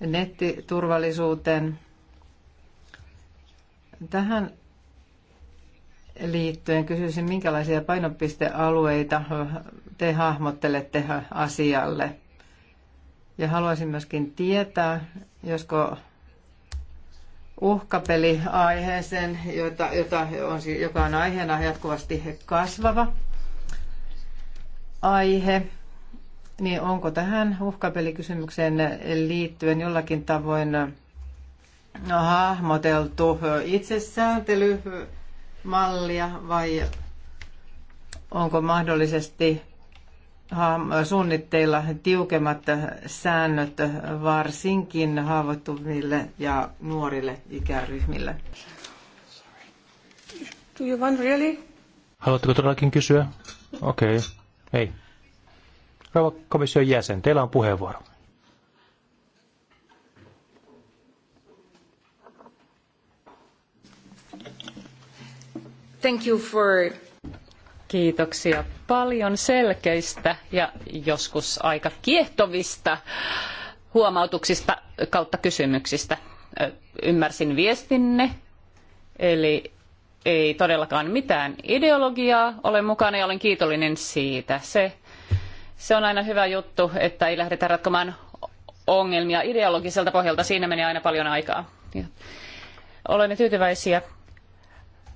nettiturvallisuuteen. Tähän liittyen kysyisin, minkälaisia painopistealueita te hahmottelette asialle. Ja haluaisin myöskin tietää, josko uhkapeli aiheeseen, jota, jota on, joka on aiheena jatkuvasti kasvava aihe, niin onko tähän uhkapelikysymykseen liittyen jollakin tavoin hahmoteltu itsesääntely mallia vai onko mahdollisesti suunnitteilla tiukemmat säännöt varsinkin haavoittuville ja nuorille ikäryhmille? Do you want really? Haluatteko todellakin kysyä? Okei, okay. ei. Rauha komission jäsen, teillä on puheenvuoro. Thank you for... Kiitoksia paljon selkeistä ja joskus aika kiehtovista huomautuksista kautta kysymyksistä. Ymmärsin viestinne, eli ei todellakaan mitään ideologiaa ole mukana ja olen kiitollinen siitä. Se, se on aina hyvä juttu, että ei lähdetä ratkomaan ongelmia ideologiselta pohjalta. Siinä menee aina paljon aikaa. Olemme tyytyväisiä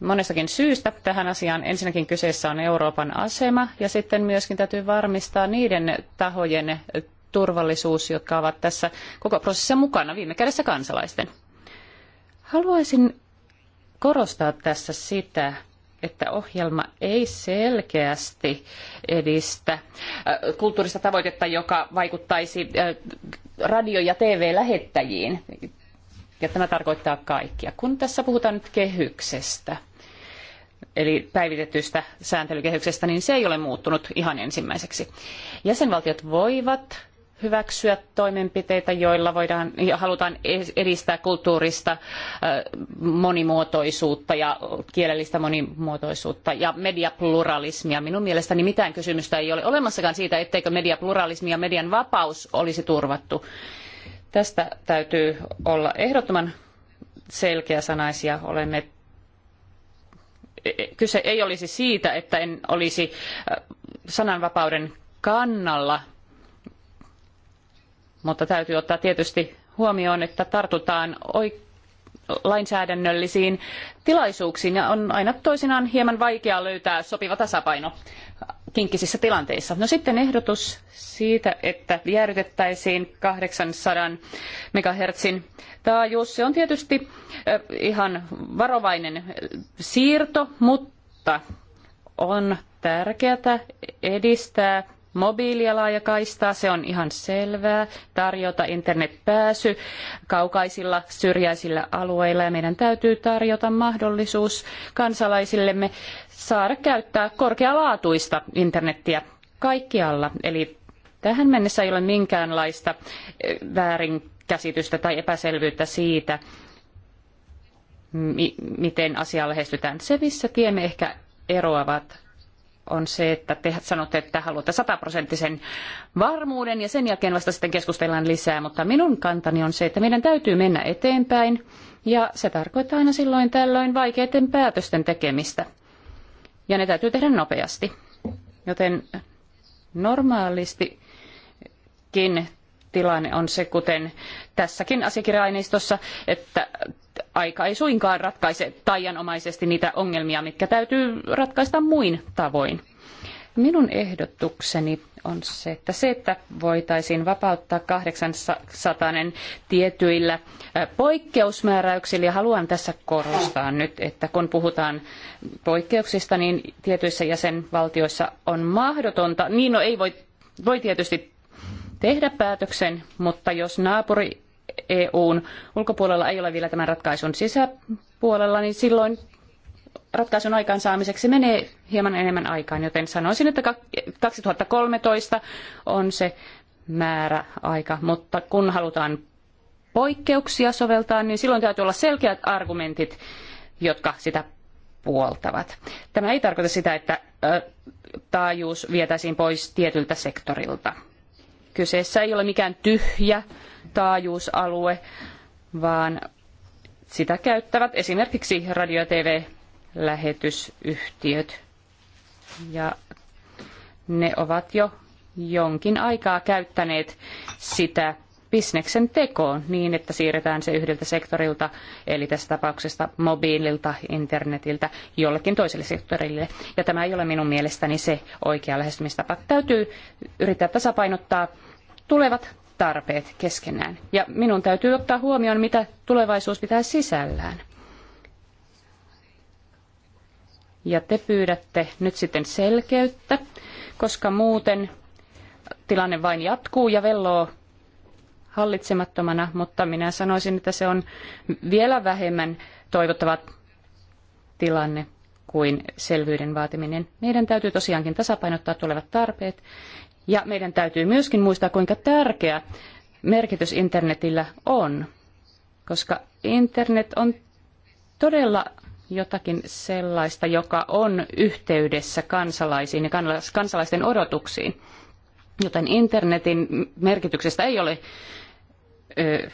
monestakin syystä tähän asiaan. Ensinnäkin kyseessä on Euroopan asema ja sitten myöskin täytyy varmistaa niiden tahojen turvallisuus, jotka ovat tässä koko prosessissa mukana, viime kädessä kansalaisten. Haluaisin korostaa tässä sitä, että ohjelma ei selkeästi edistä äh, kulttuurista tavoitetta, joka vaikuttaisi äh, radio- ja TV-lähettäjiin. Ja tämä tarkoittaa kaikkia. Kun tässä puhutaan nyt kehyksestä, eli päivitetystä sääntelykehyksestä, niin se ei ole muuttunut ihan ensimmäiseksi. Jäsenvaltiot voivat hyväksyä toimenpiteitä, joilla voidaan ja halutaan edistää kulttuurista monimuotoisuutta ja kielellistä monimuotoisuutta ja mediapluralismia. Minun mielestäni mitään kysymystä ei ole olemassakaan siitä, etteikö mediapluralismi ja median vapaus olisi turvattu. Tästä täytyy olla ehdottoman selkeäsanaisia. Olemme e- e- kyse ei olisi siitä, että en olisi äh, sananvapauden kannalla, mutta täytyy ottaa tietysti huomioon, että tartutaan oikein lainsäädännöllisiin tilaisuuksiin ja on aina toisinaan hieman vaikea löytää sopiva tasapaino kinkkisissä tilanteissa. No sitten ehdotus siitä, että jäädytettäisiin 800 megahertsin taajuus. Se on tietysti ihan varovainen siirto, mutta on tärkeää edistää mobiilia laajakaistaa, se on ihan selvää, tarjota internetpääsy kaukaisilla syrjäisillä alueilla ja meidän täytyy tarjota mahdollisuus kansalaisillemme saada käyttää korkealaatuista internettiä kaikkialla. Eli tähän mennessä ei ole minkäänlaista eh, väärinkäsitystä tai epäselvyyttä siitä, miten asiaa lähestytään. Se, missä tiemme ehkä eroavat, on se, että te sanotte, että haluatte sataprosenttisen varmuuden ja sen jälkeen vasta sitten keskustellaan lisää, mutta minun kantani on se, että meidän täytyy mennä eteenpäin ja se tarkoittaa aina silloin tällöin vaikeiden päätösten tekemistä. Ja ne täytyy tehdä nopeasti. Joten normaalistikin tilanne on se, kuten tässäkin asiakirja-aineistossa, että aika ei suinkaan ratkaise taianomaisesti niitä ongelmia, mitkä täytyy ratkaista muin tavoin. Minun ehdotukseni on se, että se, että voitaisiin vapauttaa 800 tietyillä poikkeusmääräyksillä, ja haluan tässä korostaa nyt, että kun puhutaan poikkeuksista, niin tietyissä jäsenvaltioissa on mahdotonta, niin no ei voi, voi tietysti tehdä päätöksen, mutta jos naapuri EUn ulkopuolella ei ole vielä tämän ratkaisun sisäpuolella, niin silloin ratkaisun aikaansaamiseksi menee hieman enemmän aikaan, joten sanoisin, että 2013 on se määräaika, mutta kun halutaan poikkeuksia soveltaa, niin silloin täytyy olla selkeät argumentit, jotka sitä puoltavat. Tämä ei tarkoita sitä, että taajuus vietäisiin pois tietyltä sektorilta. Kyseessä ei ole mikään tyhjä taajuusalue, vaan sitä käyttävät esimerkiksi radio- ja tv-lähetysyhtiöt. Ja ne ovat jo jonkin aikaa käyttäneet sitä bisneksen tekoon niin, että siirretään se yhdeltä sektorilta, eli tässä tapauksessa mobiililta, internetiltä, jollekin toiselle sektorille. Ja tämä ei ole minun mielestäni se oikea lähestymistapa. Täytyy yrittää tasapainottaa tulevat tarpeet keskenään. Ja minun täytyy ottaa huomioon, mitä tulevaisuus pitää sisällään. Ja te pyydätte nyt sitten selkeyttä, koska muuten tilanne vain jatkuu ja velloo hallitsemattomana, mutta minä sanoisin, että se on vielä vähemmän toivottava tilanne kuin selvyyden vaatiminen. Meidän täytyy tosiaankin tasapainottaa tulevat tarpeet ja meidän täytyy myöskin muistaa, kuinka tärkeä merkitys internetillä on, koska internet on todella jotakin sellaista, joka on yhteydessä kansalaisiin ja kansalaisten odotuksiin. Joten internetin merkityksestä ei ole ö,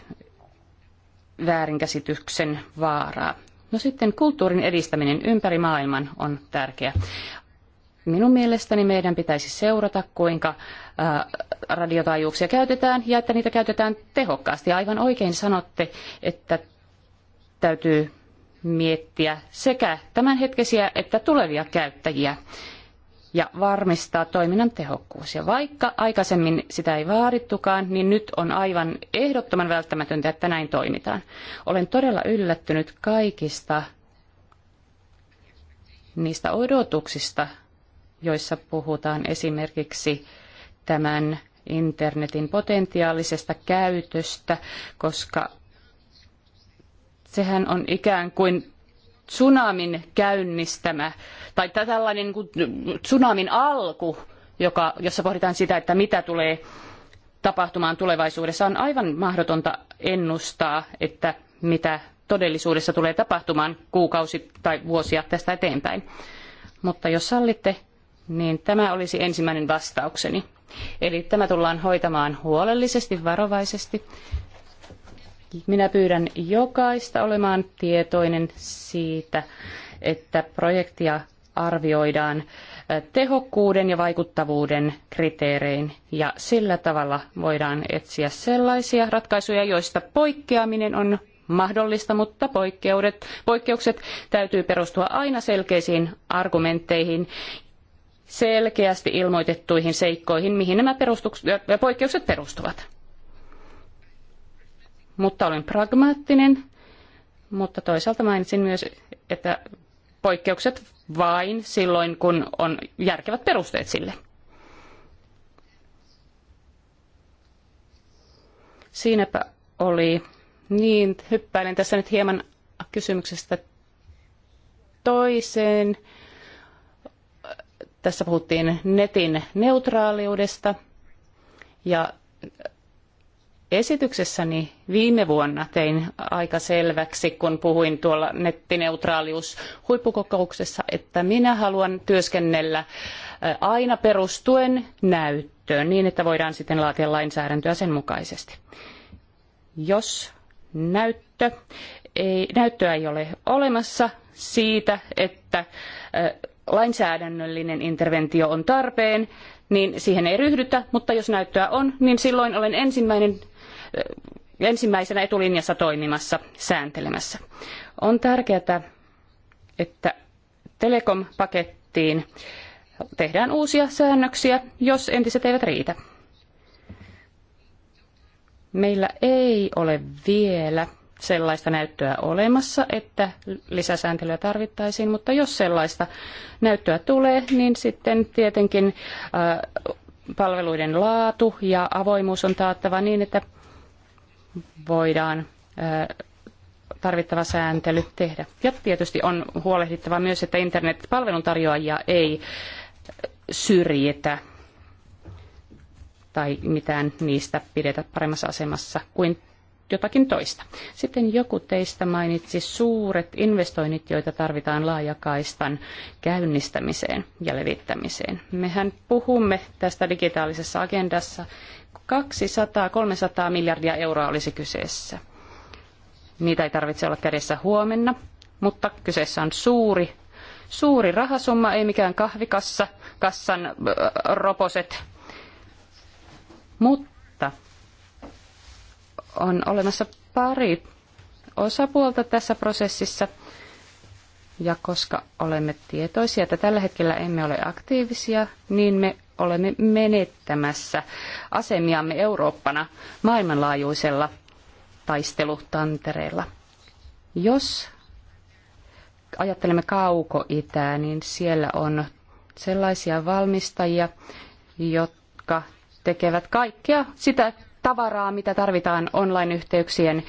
väärinkäsityksen vaaraa. No sitten kulttuurin edistäminen ympäri maailman on tärkeä. Minun mielestäni meidän pitäisi seurata, kuinka radiotaajuuksia käytetään ja että niitä käytetään tehokkaasti. Aivan oikein sanotte, että täytyy miettiä sekä tämänhetkisiä että tulevia käyttäjiä ja varmistaa toiminnan tehokkuus. Ja vaikka aikaisemmin sitä ei vaadittukaan, niin nyt on aivan ehdottoman välttämätöntä, että näin toimitaan. Olen todella yllättynyt kaikista niistä odotuksista, joissa puhutaan esimerkiksi tämän internetin potentiaalisesta käytöstä, koska sehän on ikään kuin tsunamin käynnistämä tai tällainen niin tsunamin alku, joka, jossa pohditaan sitä, että mitä tulee tapahtumaan tulevaisuudessa. On aivan mahdotonta ennustaa, että mitä todellisuudessa tulee tapahtumaan kuukausi tai vuosia tästä eteenpäin. Mutta jos sallitte, niin tämä olisi ensimmäinen vastaukseni. Eli tämä tullaan hoitamaan huolellisesti, varovaisesti. Minä pyydän jokaista olemaan tietoinen siitä, että projektia arvioidaan tehokkuuden ja vaikuttavuuden kriteerein ja sillä tavalla voidaan etsiä sellaisia ratkaisuja, joista poikkeaminen on mahdollista, mutta poikkeudet, poikkeukset täytyy perustua aina selkeisiin argumentteihin selkeästi ilmoitettuihin seikkoihin, mihin nämä poikkeukset perustuvat. Mutta olen pragmaattinen, mutta toisaalta mainitsin myös, että poikkeukset vain silloin, kun on järkevät perusteet sille. Siinäpä oli. Niin, hyppäilen tässä nyt hieman kysymyksestä toiseen. Tässä puhuttiin netin neutraaliudesta ja esityksessäni viime vuonna tein aika selväksi, kun puhuin tuolla nettineutraalius huippukokouksessa, että minä haluan työskennellä aina perustuen näyttöön niin, että voidaan sitten laatia lainsäädäntöä sen mukaisesti. Jos näyttö ei, näyttöä ei ole olemassa siitä, että lainsäädännöllinen interventio on tarpeen, niin siihen ei ryhdytä, mutta jos näyttöä on, niin silloin olen ensimmäinen, eh, ensimmäisenä etulinjassa toimimassa sääntelemässä. On tärkeää, että telekom-pakettiin tehdään uusia säännöksiä, jos entiset eivät riitä. Meillä ei ole vielä sellaista näyttöä olemassa, että lisäsääntelyä tarvittaisiin, mutta jos sellaista näyttöä tulee, niin sitten tietenkin äh, palveluiden laatu ja avoimuus on taattava niin, että voidaan äh, tarvittava sääntely tehdä. Ja tietysti on huolehdittava myös, että internet-palvelun ei äh, syrjitä tai mitään niistä pidetä paremmassa asemassa kuin jotakin toista. Sitten joku teistä mainitsi suuret investoinnit, joita tarvitaan laajakaistan käynnistämiseen ja levittämiseen. Mehän puhumme tästä digitaalisessa agendassa 200-300 miljardia euroa olisi kyseessä. Niitä ei tarvitse olla kädessä huomenna, mutta kyseessä on suuri, suuri rahasumma, ei mikään kahvikassa, kassan roposet. Mutta on olemassa pari osapuolta tässä prosessissa. Ja koska olemme tietoisia, että tällä hetkellä emme ole aktiivisia, niin me olemme menettämässä asemiamme Eurooppana maailmanlaajuisella taistelutantereella. Jos ajattelemme kaukoitää, niin siellä on sellaisia valmistajia, jotka tekevät kaikkea sitä tavaraa, mitä tarvitaan online-yhteyksien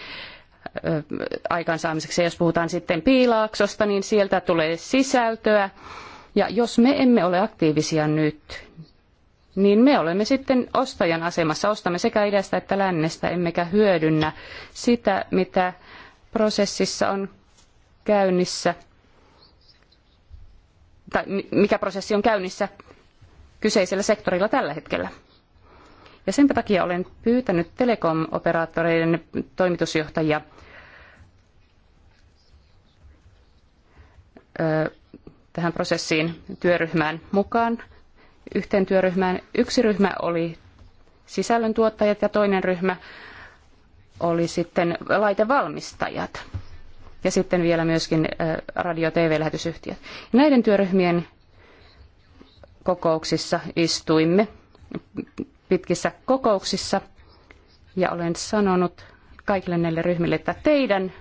aikaansaamiseksi. Jos puhutaan sitten piilaaksosta, niin sieltä tulee sisältöä. Ja jos me emme ole aktiivisia nyt, niin me olemme sitten ostajan asemassa. Ostamme sekä idästä että lännestä, emmekä hyödynnä sitä, mitä prosessissa on käynnissä, tai mikä prosessi on käynnissä kyseisellä sektorilla tällä hetkellä. Ja sen takia olen pyytänyt telekom-operaattoreiden toimitusjohtajia tähän prosessiin työryhmään mukaan, yhteen työryhmään. Yksi ryhmä oli sisällöntuottajat ja toinen ryhmä oli sitten laitevalmistajat ja sitten vielä myöskin radio- ja tv-lähetysyhtiöt. Näiden työryhmien kokouksissa istuimme pitkissä kokouksissa ja olen sanonut kaikille näille ryhmille, että teidän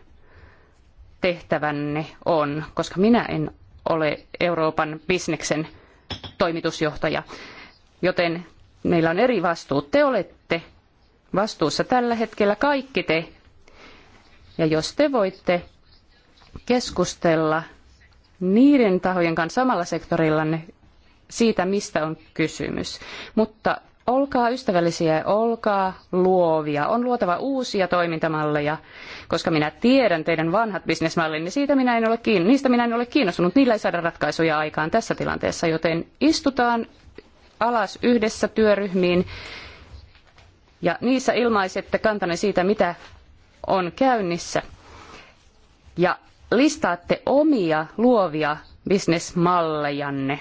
tehtävänne on, koska minä en ole Euroopan bisneksen toimitusjohtaja, joten meillä on eri vastuut. Te olette vastuussa tällä hetkellä kaikki te. Ja jos te voitte keskustella niiden tahojen kanssa samalla sektorillanne siitä, mistä on kysymys. Mutta Olkaa ystävällisiä, olkaa luovia. On luotava uusia toimintamalleja, koska minä tiedän teidän vanhat bisnesmallinne. Siitä minä en ole kiin- niistä minä en ole kiinnostunut. Niillä ei saada ratkaisuja aikaan tässä tilanteessa, joten istutaan alas yhdessä työryhmiin ja niissä ilmaisette kantanne siitä, mitä on käynnissä. Ja listaatte omia luovia bisnesmallejanne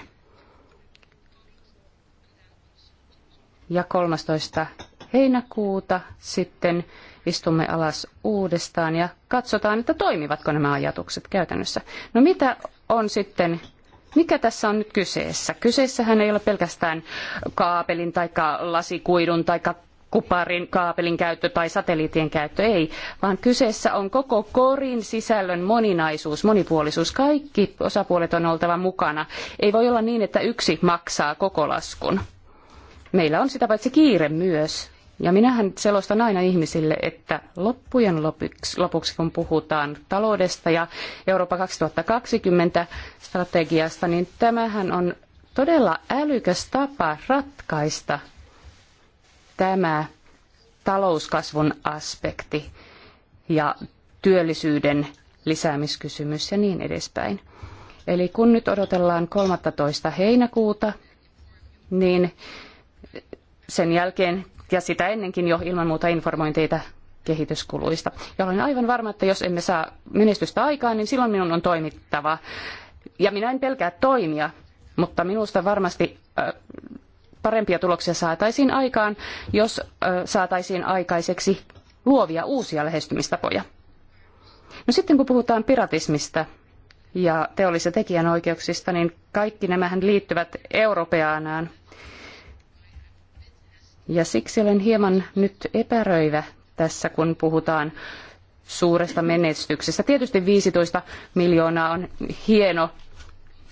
ja 13. heinäkuuta sitten istumme alas uudestaan ja katsotaan, että toimivatko nämä ajatukset käytännössä. No mitä on sitten mikä tässä on nyt kyseessä? Kyseessähän ei ole pelkästään kaapelin tai lasikuidun tai kuparin kaapelin käyttö tai satelliitien käyttö, ei, vaan kyseessä on koko korin sisällön moninaisuus, monipuolisuus. Kaikki osapuolet on oltava mukana. Ei voi olla niin, että yksi maksaa koko laskun meillä on sitä paitsi kiire myös. Ja minähän selostan aina ihmisille, että loppujen lopuksi, lopuksi kun puhutaan taloudesta ja Eurooppa 2020 strategiasta, niin tämähän on todella älykäs tapa ratkaista tämä talouskasvun aspekti ja työllisyyden lisäämiskysymys ja niin edespäin. Eli kun nyt odotellaan 13. heinäkuuta, niin sen jälkeen ja sitä ennenkin jo ilman muuta informoin teitä kehityskuluista. Ja olen aivan varma, että jos emme saa menestystä aikaan, niin silloin minun on toimittava. Ja minä en pelkää toimia, mutta minusta varmasti parempia tuloksia saataisiin aikaan, jos saataisiin aikaiseksi luovia uusia lähestymistapoja. No sitten kun puhutaan piratismista ja teollis- ja tekijänoikeuksista, niin kaikki nämähän liittyvät Europeanaan – ja siksi olen hieman nyt epäröivä tässä, kun puhutaan suuresta menestyksestä. Tietysti 15 miljoonaa on hieno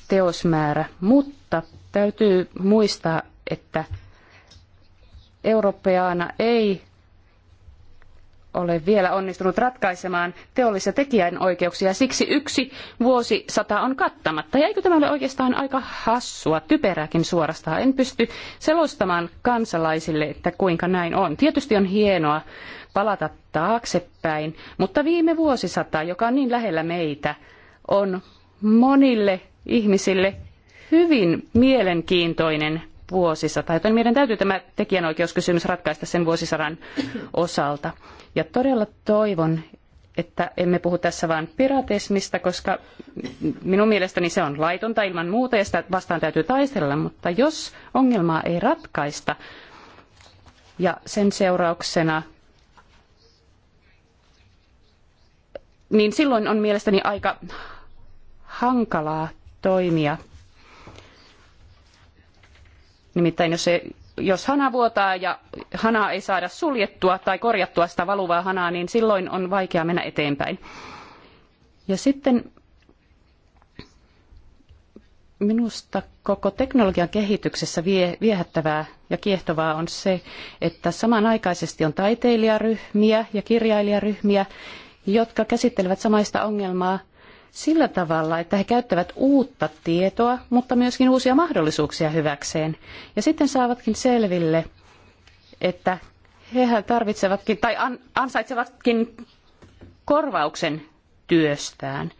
teosmäärä, mutta täytyy muistaa, että eurooppeana ei ole vielä onnistunut ratkaisemaan ja tekijänoikeuksia, siksi yksi vuosisata on kattamatta. Ja eikö tämä ole oikeastaan aika hassua, typerääkin suorastaan? En pysty selostamaan kansalaisille, että kuinka näin on. Tietysti on hienoa palata taaksepäin, mutta viime vuosisata, joka on niin lähellä meitä, on monille ihmisille hyvin mielenkiintoinen vuosisata, joten meidän täytyy tämä tekijänoikeuskysymys ratkaista sen vuosisadan osalta. Ja todella toivon, että emme puhu tässä vain piratismista, koska minun mielestäni se on laitonta ilman muuta ja sitä vastaan täytyy taistella, mutta jos ongelmaa ei ratkaista ja sen seurauksena niin silloin on mielestäni aika hankalaa toimia Nimittäin jos, se, jos hana vuotaa ja hanaa ei saada suljettua tai korjattua sitä valuvaa hanaa, niin silloin on vaikea mennä eteenpäin. Ja sitten minusta koko teknologian kehityksessä vie, viehättävää ja kiehtovaa on se, että samanaikaisesti on taiteilijaryhmiä ja kirjailijaryhmiä, jotka käsittelevät samaista ongelmaa sillä tavalla, että he käyttävät uutta tietoa, mutta myöskin uusia mahdollisuuksia hyväkseen. Ja sitten saavatkin selville, että hehän tarvitsevatkin tai ansaitsevatkin korvauksen työstään.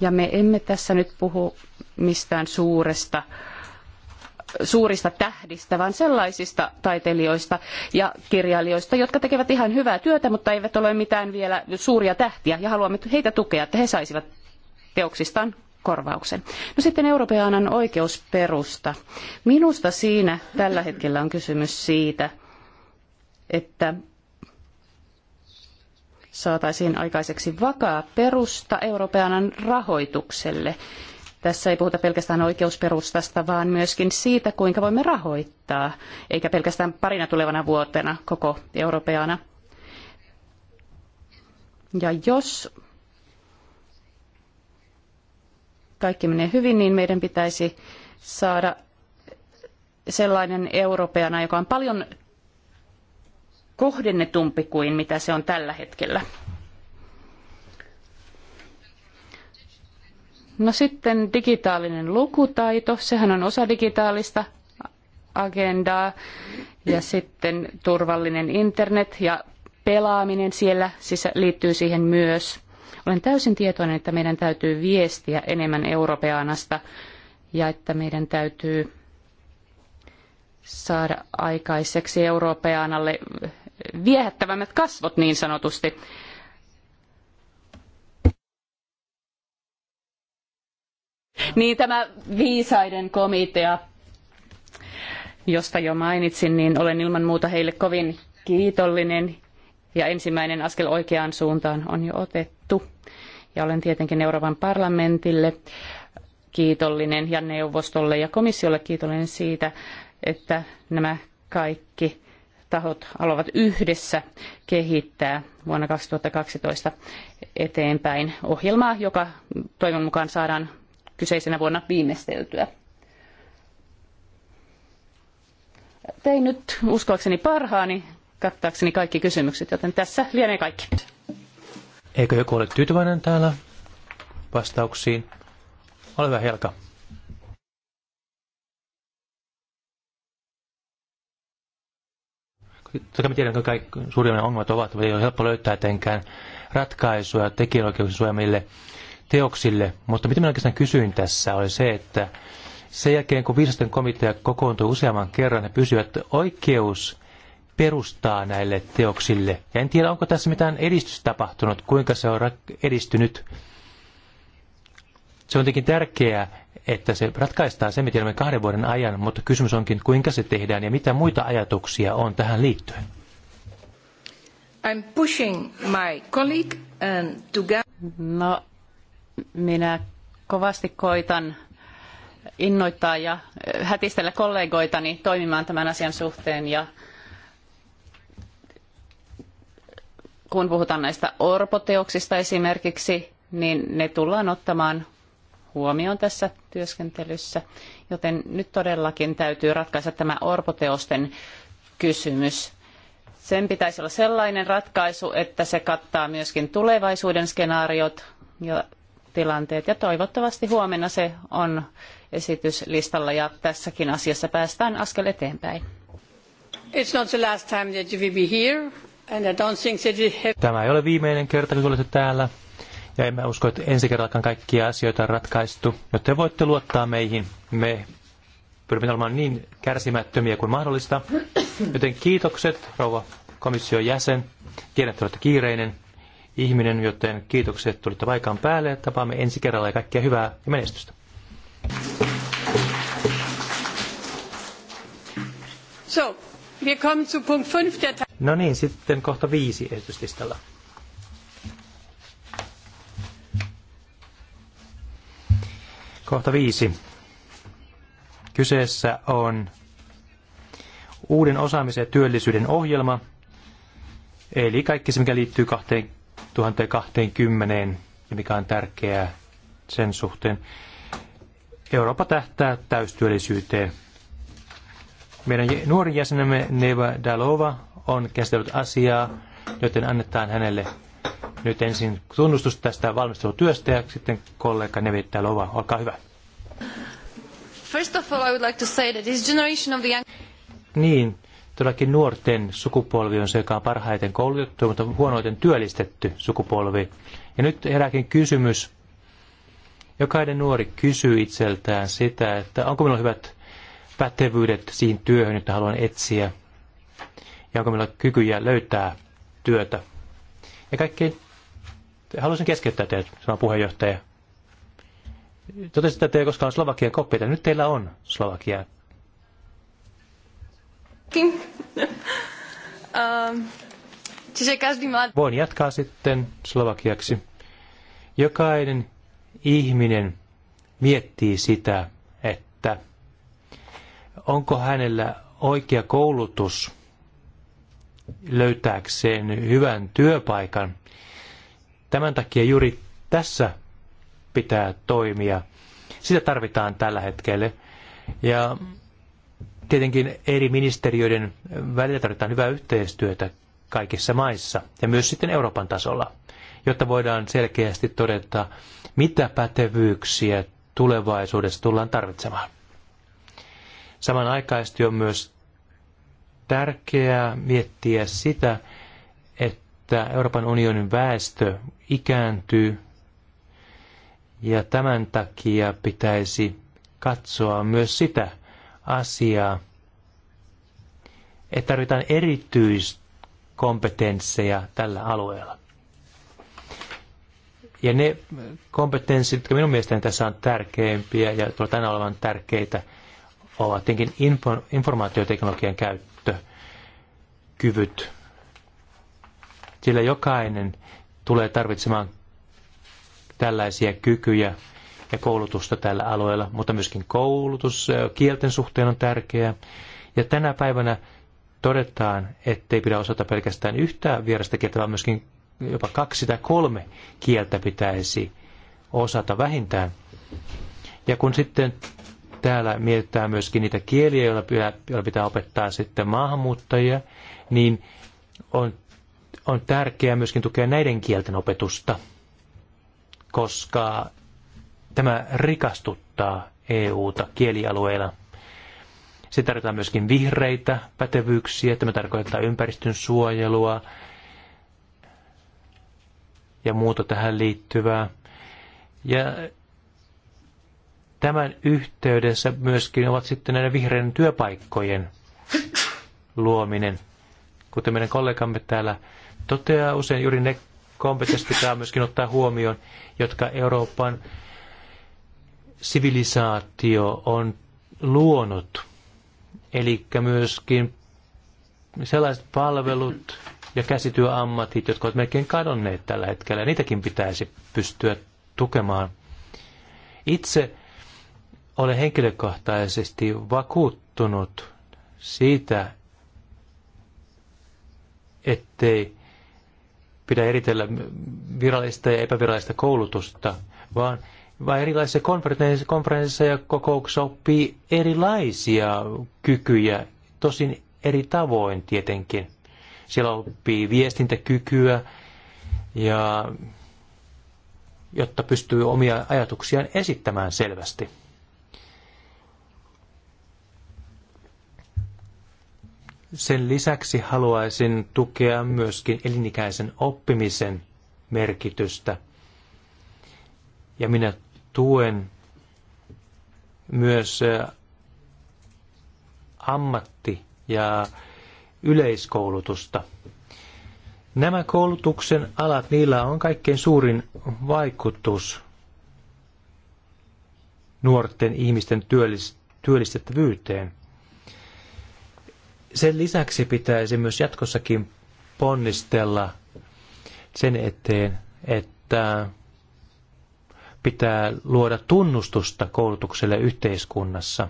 Ja me emme tässä nyt puhu mistään suuresta suurista tähdistä, vaan sellaisista taiteilijoista ja kirjailijoista, jotka tekevät ihan hyvää työtä, mutta eivät ole mitään vielä suuria tähtiä. Ja haluamme heitä tukea, että he saisivat teoksistaan korvauksen. No sitten Euroopan oikeusperusta. Minusta siinä tällä hetkellä on kysymys siitä, että saataisiin aikaiseksi vakaa perusta Euroopan rahoitukselle tässä ei puhuta pelkästään oikeusperustasta, vaan myöskin siitä, kuinka voimme rahoittaa, eikä pelkästään parina tulevana vuotena koko europeana. Ja jos kaikki menee hyvin, niin meidän pitäisi saada sellainen europeana, joka on paljon kohdennetumpi kuin mitä se on tällä hetkellä. No sitten digitaalinen lukutaito, sehän on osa digitaalista agendaa ja sitten turvallinen internet ja pelaaminen siellä sisä, liittyy siihen myös. Olen täysin tietoinen, että meidän täytyy viestiä enemmän europeanasta ja että meidän täytyy saada aikaiseksi europeanalle viehättävämmät kasvot niin sanotusti. Niin tämä viisaiden komitea, josta jo mainitsin, niin olen ilman muuta heille kovin kiitollinen ja ensimmäinen askel oikeaan suuntaan on jo otettu. Ja olen tietenkin Euroopan parlamentille kiitollinen ja neuvostolle ja komissiolle kiitollinen siitä, että nämä kaikki tahot aloivat yhdessä kehittää vuonna 2012 eteenpäin ohjelmaa, joka toivon mukaan saadaan kyseisenä vuonna viimeisteltyä. Tein nyt uskoakseni parhaani kattaakseni kaikki kysymykset, joten tässä lienee kaikki. Eikö joku ole tyytyväinen täällä vastauksiin? Ole hyvä Helka. Toki mä tiedän, että kaikki suurimmat ongelmat ovat, mutta ei ole helppo löytää etenkään ratkaisuja tekijänoikeuksien suojamille teoksille, mutta mitä minä oikeastaan kysyin tässä oli se, että sen jälkeen kun viisasten komitea kokoontui useamman kerran, he pysyvät oikeus perustaa näille teoksille. Ja en tiedä, onko tässä mitään edistystä tapahtunut, kuinka se on edistynyt. Se on tietenkin tärkeää, että se ratkaistaan se, mitä kahden vuoden ajan, mutta kysymys onkin, kuinka se tehdään ja mitä muita ajatuksia on tähän liittyen. I'm pushing my colleague and um, to... No, minä kovasti koitan innoittaa ja eh, hätistellä kollegoitani toimimaan tämän asian suhteen ja kun puhutaan näistä orpoteoksista esimerkiksi, niin ne tullaan ottamaan huomioon tässä työskentelyssä. Joten nyt todellakin täytyy ratkaista tämä orpoteosten kysymys. Sen pitäisi olla sellainen ratkaisu, että se kattaa myöskin tulevaisuuden skenaariot ja tilanteet. Ja toivottavasti huomenna se on esityslistalla ja tässäkin asiassa päästään askel eteenpäin. Tämä ei ole viimeinen kerta, kun olette täällä. Ja emme usko, että ensi kerrallakaan kaikkia asioita on ratkaistu. Joten voitte luottaa meihin. Me pyrimme olemaan niin kärsimättömiä kuin mahdollista. Joten kiitokset, rouva komission jäsen. Tiedän, että olette kiireinen ihminen, joten kiitokset, että tulitte paikan päälle. Tapaamme ensi kerralla ja kaikkea hyvää ja menestystä. So, we come to Punkt 5 der No niin, sitten kohta viisi esityslistalla. Kohta viisi. Kyseessä on uuden osaamisen ja työllisyyden ohjelma, eli kaikki se, mikä liittyy kahteen 2020, mikä on tärkeää sen suhteen. Eurooppa tähtää täystyöllisyyteen. Meidän nuori jäsenemme Neva Dalova on käsitellyt asiaa, joten annetaan hänelle nyt ensin tunnustus tästä valmistelutyöstä ja sitten kollega Nevi Dalova, olkaa hyvä. First of all, I would like to say that this generation of the young... Niin, todellakin nuorten sukupolvi on se, joka on parhaiten koulutettu, mutta huonoiten työllistetty sukupolvi. Ja nyt herääkin kysymys. Jokainen nuori kysyy itseltään sitä, että onko minulla hyvät pätevyydet siihen työhön, jota haluan etsiä. Ja onko minulla kykyjä löytää työtä. Ja kaikki, haluaisin keskeyttää teidät, sama puheenjohtaja. Totesit, että ei koskaan Slovakian koppia, Nyt teillä on Slovakia (laughs) Ähm, siis niin Voin jatkaa sitten slovakiaksi. Jokainen ihminen miettii sitä, että onko hänellä oikea koulutus löytääkseen hyvän työpaikan. Tämän takia juuri tässä pitää toimia. Sitä tarvitaan tällä hetkellä. Ja tietenkin eri ministeriöiden välillä tarvitaan hyvää yhteistyötä kaikissa maissa ja myös sitten Euroopan tasolla, jotta voidaan selkeästi todeta, mitä pätevyyksiä tulevaisuudessa tullaan tarvitsemaan. Samanaikaisesti on myös tärkeää miettiä sitä, että Euroopan unionin väestö ikääntyy ja tämän takia pitäisi katsoa myös sitä, asiaa, että tarvitaan erityiskompetensseja tällä alueella. Ja ne kompetenssit, jotka minun mielestäni tässä on tärkeimpiä ja tulee tänä olevan tärkeitä, ovat tietenkin info, informaatioteknologian käyttökyvyt. Sillä jokainen tulee tarvitsemaan tällaisia kykyjä ja koulutusta tällä alueella, mutta myöskin koulutus kielten suhteen on tärkeää. Ja tänä päivänä todetaan, ettei pidä osata pelkästään yhtä vierasta kieltä, vaan myöskin jopa kaksi tai kolme kieltä pitäisi osata vähintään. Ja kun sitten täällä mietitään myöskin niitä kieliä, joilla pitää, joilla pitää opettaa sitten maahanmuuttajia, niin on, on tärkeää myöskin tukea näiden kielten opetusta, koska Tämä rikastuttaa EUta kielialueilla. Se tarkoittaa myöskin vihreitä pätevyyksiä, tämä tarkoittaa ympäristön suojelua ja muuta tähän liittyvää. Ja tämän yhteydessä myöskin ovat sitten näiden vihreiden työpaikkojen luominen. Kuten meidän kollegamme täällä toteaa, usein juuri ne kompetenssit pitää myöskin ottaa huomioon, jotka Euroopan sivilisaatio on luonut, eli myöskin sellaiset palvelut ja käsityöammatit, jotka ovat melkein kadonneet tällä hetkellä, ja niitäkin pitäisi pystyä tukemaan. Itse olen henkilökohtaisesti vakuuttunut siitä, ettei pidä eritellä virallista ja epävirallista koulutusta, vaan vai erilaisissa konferensseissa ja kokouksissa oppii erilaisia kykyjä, tosin eri tavoin tietenkin. Siellä oppii viestintäkykyä, ja jotta pystyy omia ajatuksiaan esittämään selvästi. Sen lisäksi haluaisin tukea myöskin elinikäisen oppimisen merkitystä. Ja minä tuen myös ammatti- ja yleiskoulutusta. Nämä koulutuksen alat, niillä on kaikkein suurin vaikutus nuorten ihmisten työllistettävyyteen. Sen lisäksi pitäisi myös jatkossakin ponnistella sen eteen, että pitää luoda tunnustusta koulutukselle yhteiskunnassa.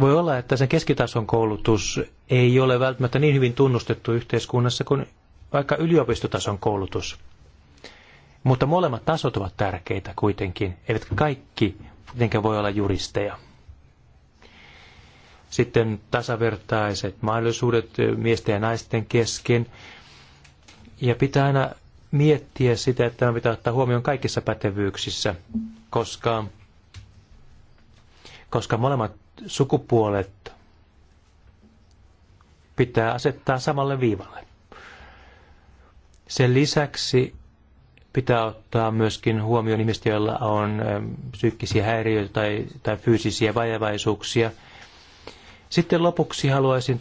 Voi olla, että sen keskitason koulutus ei ole välttämättä niin hyvin tunnustettu yhteiskunnassa kuin vaikka yliopistotason koulutus. Mutta molemmat tasot ovat tärkeitä kuitenkin, Eivät kaikki kuitenkin voi olla juristeja. Sitten tasavertaiset mahdollisuudet miesten ja naisten kesken ja pitää aina miettiä sitä, että tämä pitää ottaa huomioon kaikissa pätevyyksissä, koska, koska molemmat sukupuolet pitää asettaa samalle viivalle. Sen lisäksi pitää ottaa myöskin huomioon ihmistä, joilla on ähm, psyykkisiä häiriöitä tai, tai fyysisiä vajavaisuuksia. Sitten lopuksi haluaisin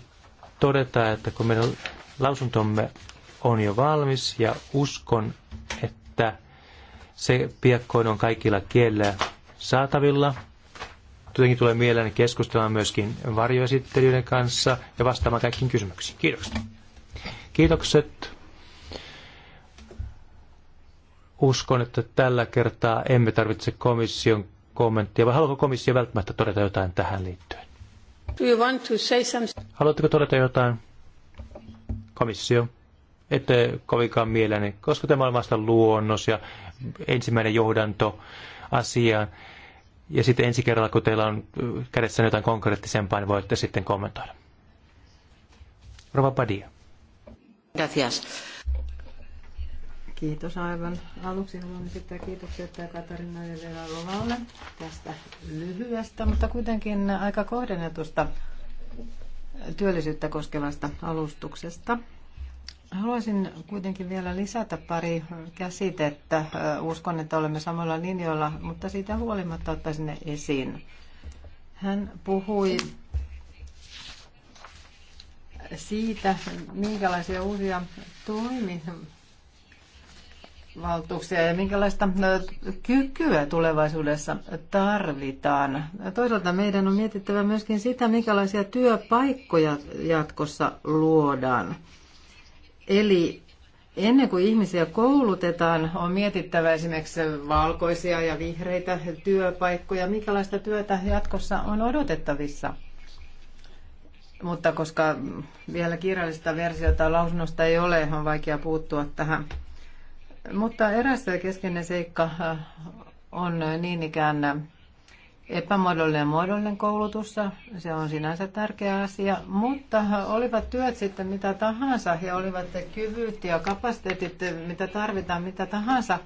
todeta, että kun meidän lausuntomme on jo valmis ja uskon, että se piakkoin on kaikilla kielillä saatavilla. Jotenkin tulee mieleen keskustelemaan myöskin varjoesittelijöiden kanssa ja vastaamaan kaikkiin kysymyksiin. Kiitokset. Kiitokset. Uskon, että tällä kertaa emme tarvitse komission kommenttia, vai haluatko komissio välttämättä todeta jotain tähän liittyen? Do you want to say Haluatteko todeta jotain? Komissio. Että kovinkaan mieleni, koska tämä on vasta luonnos ja ensimmäinen johdanto asiaan. Ja sitten ensi kerralla, kun teillä on kädessä jotain konkreettisempaa, niin voitte sitten kommentoida. Rova Padia. Gracias. Kiitos aivan. Aluksi haluan esittää että Katarina ja Vera Lovalle tästä lyhyestä, mutta kuitenkin aika kohdennetusta työllisyyttä koskevasta alustuksesta. Haluaisin kuitenkin vielä lisätä pari käsitettä. Uskon, että olemme samalla linjoilla, mutta siitä huolimatta ottaisin ne esiin. Hän puhui siitä, minkälaisia uusia toimivaltuuksia ja minkälaista kykyä tulevaisuudessa tarvitaan. Toisaalta meidän on mietittävä myöskin sitä, minkälaisia työpaikkoja jatkossa luodaan. Eli ennen kuin ihmisiä koulutetaan, on mietittävä esimerkiksi valkoisia ja vihreitä työpaikkoja, minkälaista työtä jatkossa on odotettavissa. Mutta koska vielä kirjallista versiota lausunnosta ei ole, on vaikea puuttua tähän. Mutta eräs keskeinen seikka äh, on niin ikään epämuodollinen ja muodollinen koulutus, se on sinänsä tärkeä asia, mutta olivat työt sitten mitä tahansa ja olivat kyvyt ja kapasiteetit, mitä tarvitaan, mitä tahansa,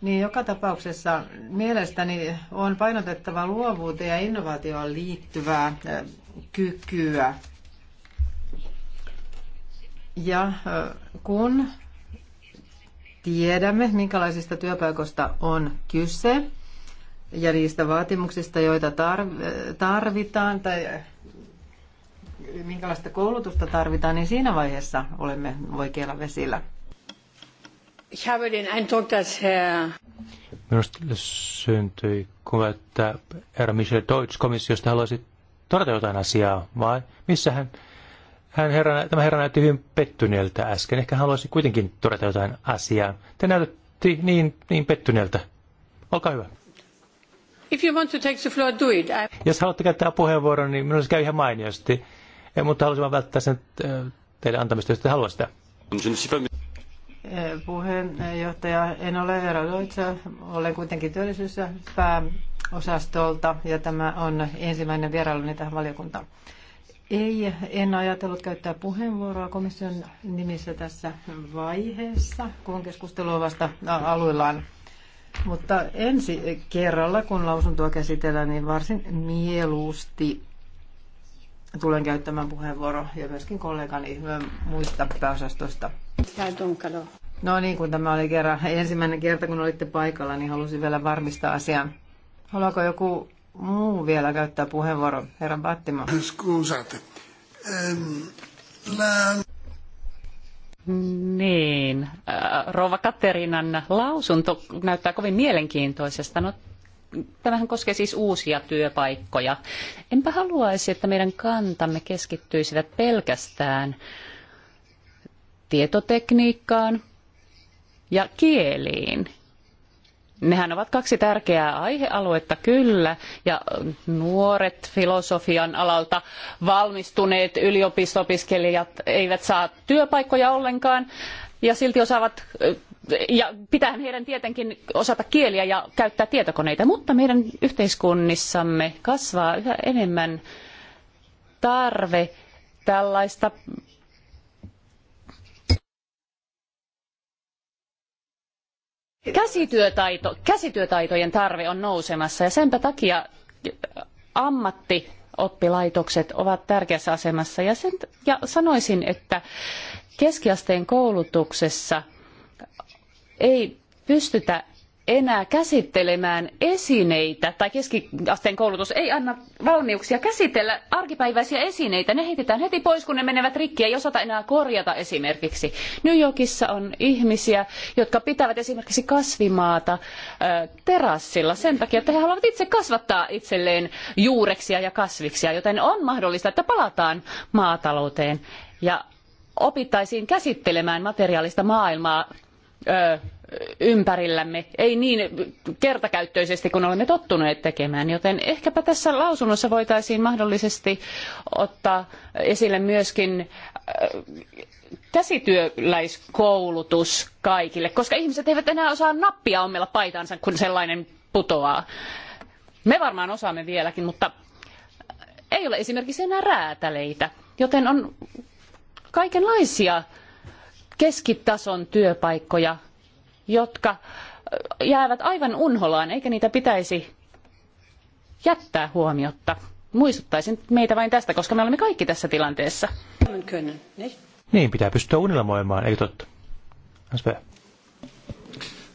niin joka tapauksessa mielestäni on painotettava luovuuteen ja innovaatioon liittyvää kykyä. Ja kun tiedämme, minkälaisista työpaikoista on kyse, ja niistä vaatimuksista, joita tarvitaan tai minkälaista koulutusta tarvitaan, niin siinä vaiheessa olemme oikeilla vesillä. Ich habe den Eindruck, dass Herr Minusta syntyi kuva, että herra Michel Deutsch komissiosta haluaisi todeta jotain asiaa, vai missä hän, hän herra, tämä herra näytti hyvin pettyneeltä äsken. Ehkä haluaisi kuitenkin todeta jotain asiaa. Te näytätte niin, niin pettyneeltä. Olkaa hyvä. If you want to take the floor, do it. I... Jos haluatte käyttää puheenvuoron, niin minulle käy ihan mainiosti. Ja, eh, mutta halusin vain välttää sen eh, teidän antamista, jos te haluaisitte. Eh, puheenjohtaja, en ole Eero Loitsa. olen kuitenkin työllisyys- ja pääosastolta ja tämä on ensimmäinen vierailuni tähän valiokuntaan. Ei, en ajatellut käyttää puheenvuoroa komission nimissä tässä vaiheessa, kun keskustelu on vasta aluillaan. Mutta ensi kerralla, kun lausuntoa käsitellään, niin varsin mieluusti tulen käyttämään puheenvuoro ja myöskin kollegani muista pääosastosta. No niin, kun tämä oli kerran ensimmäinen kerta, kun olitte paikalla, niin halusin vielä varmistaa asian. Haluaako joku muu vielä käyttää puheenvuoro? Herra Battimo. Scusate. La... Ehm, niin, äh, Rova Katerinan lausunto näyttää kovin mielenkiintoisesta. No, tämähän koskee siis uusia työpaikkoja. Enpä haluaisi, että meidän kantamme keskittyisivät pelkästään tietotekniikkaan ja kieliin Nehän ovat kaksi tärkeää aihealuetta, kyllä, ja nuoret filosofian alalta valmistuneet yliopistopiskelijat eivät saa työpaikkoja ollenkaan, ja silti osaavat, ja pitää heidän tietenkin osata kieliä ja käyttää tietokoneita, mutta meidän yhteiskunnissamme kasvaa yhä enemmän tarve tällaista Käsityötaito, käsityötaitojen tarve on nousemassa ja senpä takia ammattioppilaitokset ovat tärkeässä asemassa. Ja, sen, ja sanoisin, että keskiasteen koulutuksessa ei pystytä enää käsittelemään esineitä, tai keskiasteen koulutus ei anna valmiuksia käsitellä arkipäiväisiä esineitä. Ne heitetään heti pois, kun ne menevät rikki, ja ei osata enää korjata esimerkiksi. New Yorkissa on ihmisiä, jotka pitävät esimerkiksi kasvimaata ö, terassilla sen takia, että he haluavat itse kasvattaa itselleen juureksia ja kasviksia, joten on mahdollista, että palataan maatalouteen ja opittaisiin käsittelemään materiaalista maailmaa ö, ympärillämme, ei niin kertakäyttöisesti kuin olemme tottuneet tekemään, joten ehkäpä tässä lausunnossa voitaisiin mahdollisesti ottaa esille myöskin äh, käsityöläiskoulutus kaikille, koska ihmiset eivät enää osaa nappia ommella paitansa, kun sellainen putoaa. Me varmaan osaamme vieläkin, mutta ei ole esimerkiksi enää räätäleitä, joten on kaikenlaisia keskitason työpaikkoja jotka jäävät aivan unholaan, eikä niitä pitäisi jättää huomiotta. Muistuttaisin meitä vain tästä, koska me olemme kaikki tässä tilanteessa. Niin, pitää pystyä unelmoimaan, eikö totta? SV.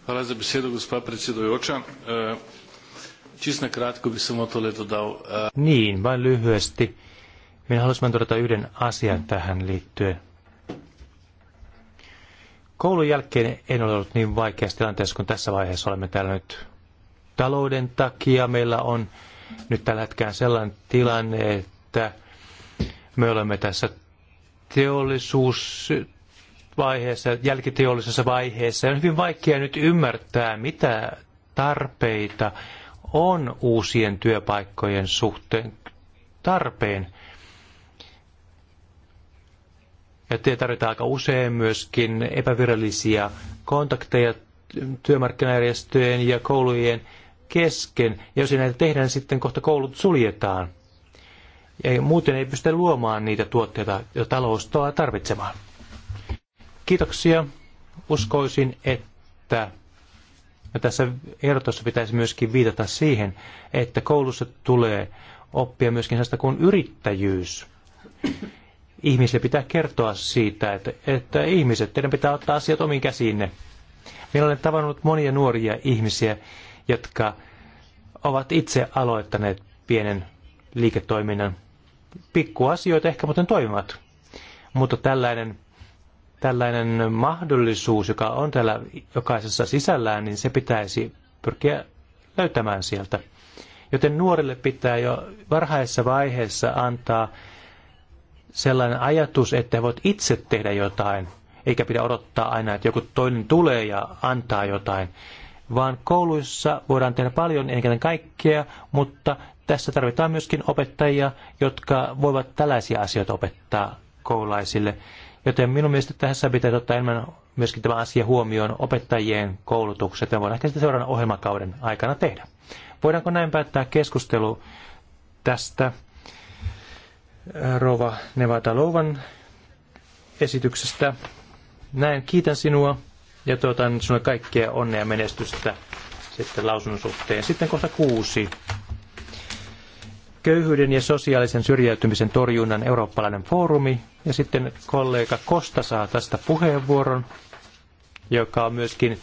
Hvala za besedo, gospa predsedujoča. E, čist na kratko bi samo tole dodal. E, niin, vain lyhyesti. Minä haluaisin todeta yhden asian tähän liittyen. Koulun jälkeen en ole ollut niin vaikeassa tilanteessa kuin tässä vaiheessa olemme täällä nyt talouden takia. Meillä on nyt tällä hetkellä sellainen tilanne, että me olemme tässä teollisuusvaiheessa, jälkiteollisessa vaiheessa. On hyvin vaikea nyt ymmärtää, mitä tarpeita on uusien työpaikkojen suhteen tarpeen ja te tarvitaan aika usein myöskin epävirallisia kontakteja työmarkkinajärjestöjen ja koulujen kesken. Ja jos ei näitä tehdään, niin sitten kohta koulut suljetaan. Ja muuten ei pystytä luomaan niitä tuotteita, joita talous tarvitsemaan. Kiitoksia. Uskoisin, että ja tässä ehdotossa pitäisi myöskin viitata siihen, että koulussa tulee oppia myöskin sellaista kuin yrittäjyys ihmisille pitää kertoa siitä, että, että ihmiset, teidän pitää ottaa asiat omiin käsiinne. Minä olen tavannut monia nuoria ihmisiä, jotka ovat itse aloittaneet pienen liiketoiminnan. Pikkuasioita ehkä muuten toimivat, mutta tällainen, tällainen mahdollisuus, joka on täällä jokaisessa sisällään, niin se pitäisi pyrkiä löytämään sieltä. Joten nuorille pitää jo varhaisessa vaiheessa antaa sellainen ajatus, että he voivat itse tehdä jotain, eikä pidä odottaa aina, että joku toinen tulee ja antaa jotain, vaan kouluissa voidaan tehdä paljon, enkä kaikkea, mutta tässä tarvitaan myöskin opettajia, jotka voivat tällaisia asioita opettaa koululaisille. Joten minun mielestä tässä pitää ottaa enemmän myöskin tämä asia huomioon opettajien koulutukset, ja voidaan ehkä sitä seuraavan ohjelmakauden aikana tehdä. Voidaanko näin päättää keskustelu tästä Rova Nevada Louvan esityksestä. Näin kiitän sinua ja tuotan sinulle kaikkea onnea ja menestystä sitten lausunnon suhteen. Sitten kohta kuusi. Köyhyyden ja sosiaalisen syrjäytymisen torjunnan eurooppalainen foorumi. Ja sitten kollega Kosta saa tästä puheenvuoron, joka on myöskin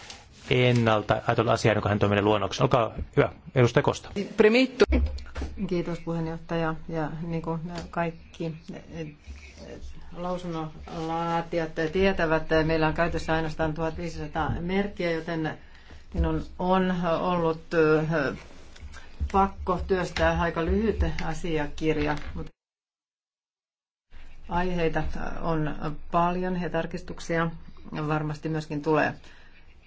ennalta ajatella asiaa, joka hän toi meille luonnoksi. Olkaa hyvä, edustaja Kosta. Primittu. Kiitos puheenjohtaja ja niin kuin kaikki eh, lausunnonlaatijat tietävät, eh, meillä on käytössä ainoastaan 1500 merkkiä, joten minun on ollut eh, pakko työstää aika lyhyt asiakirja, mutta aiheita on paljon ja tarkistuksia varmasti myöskin tulee.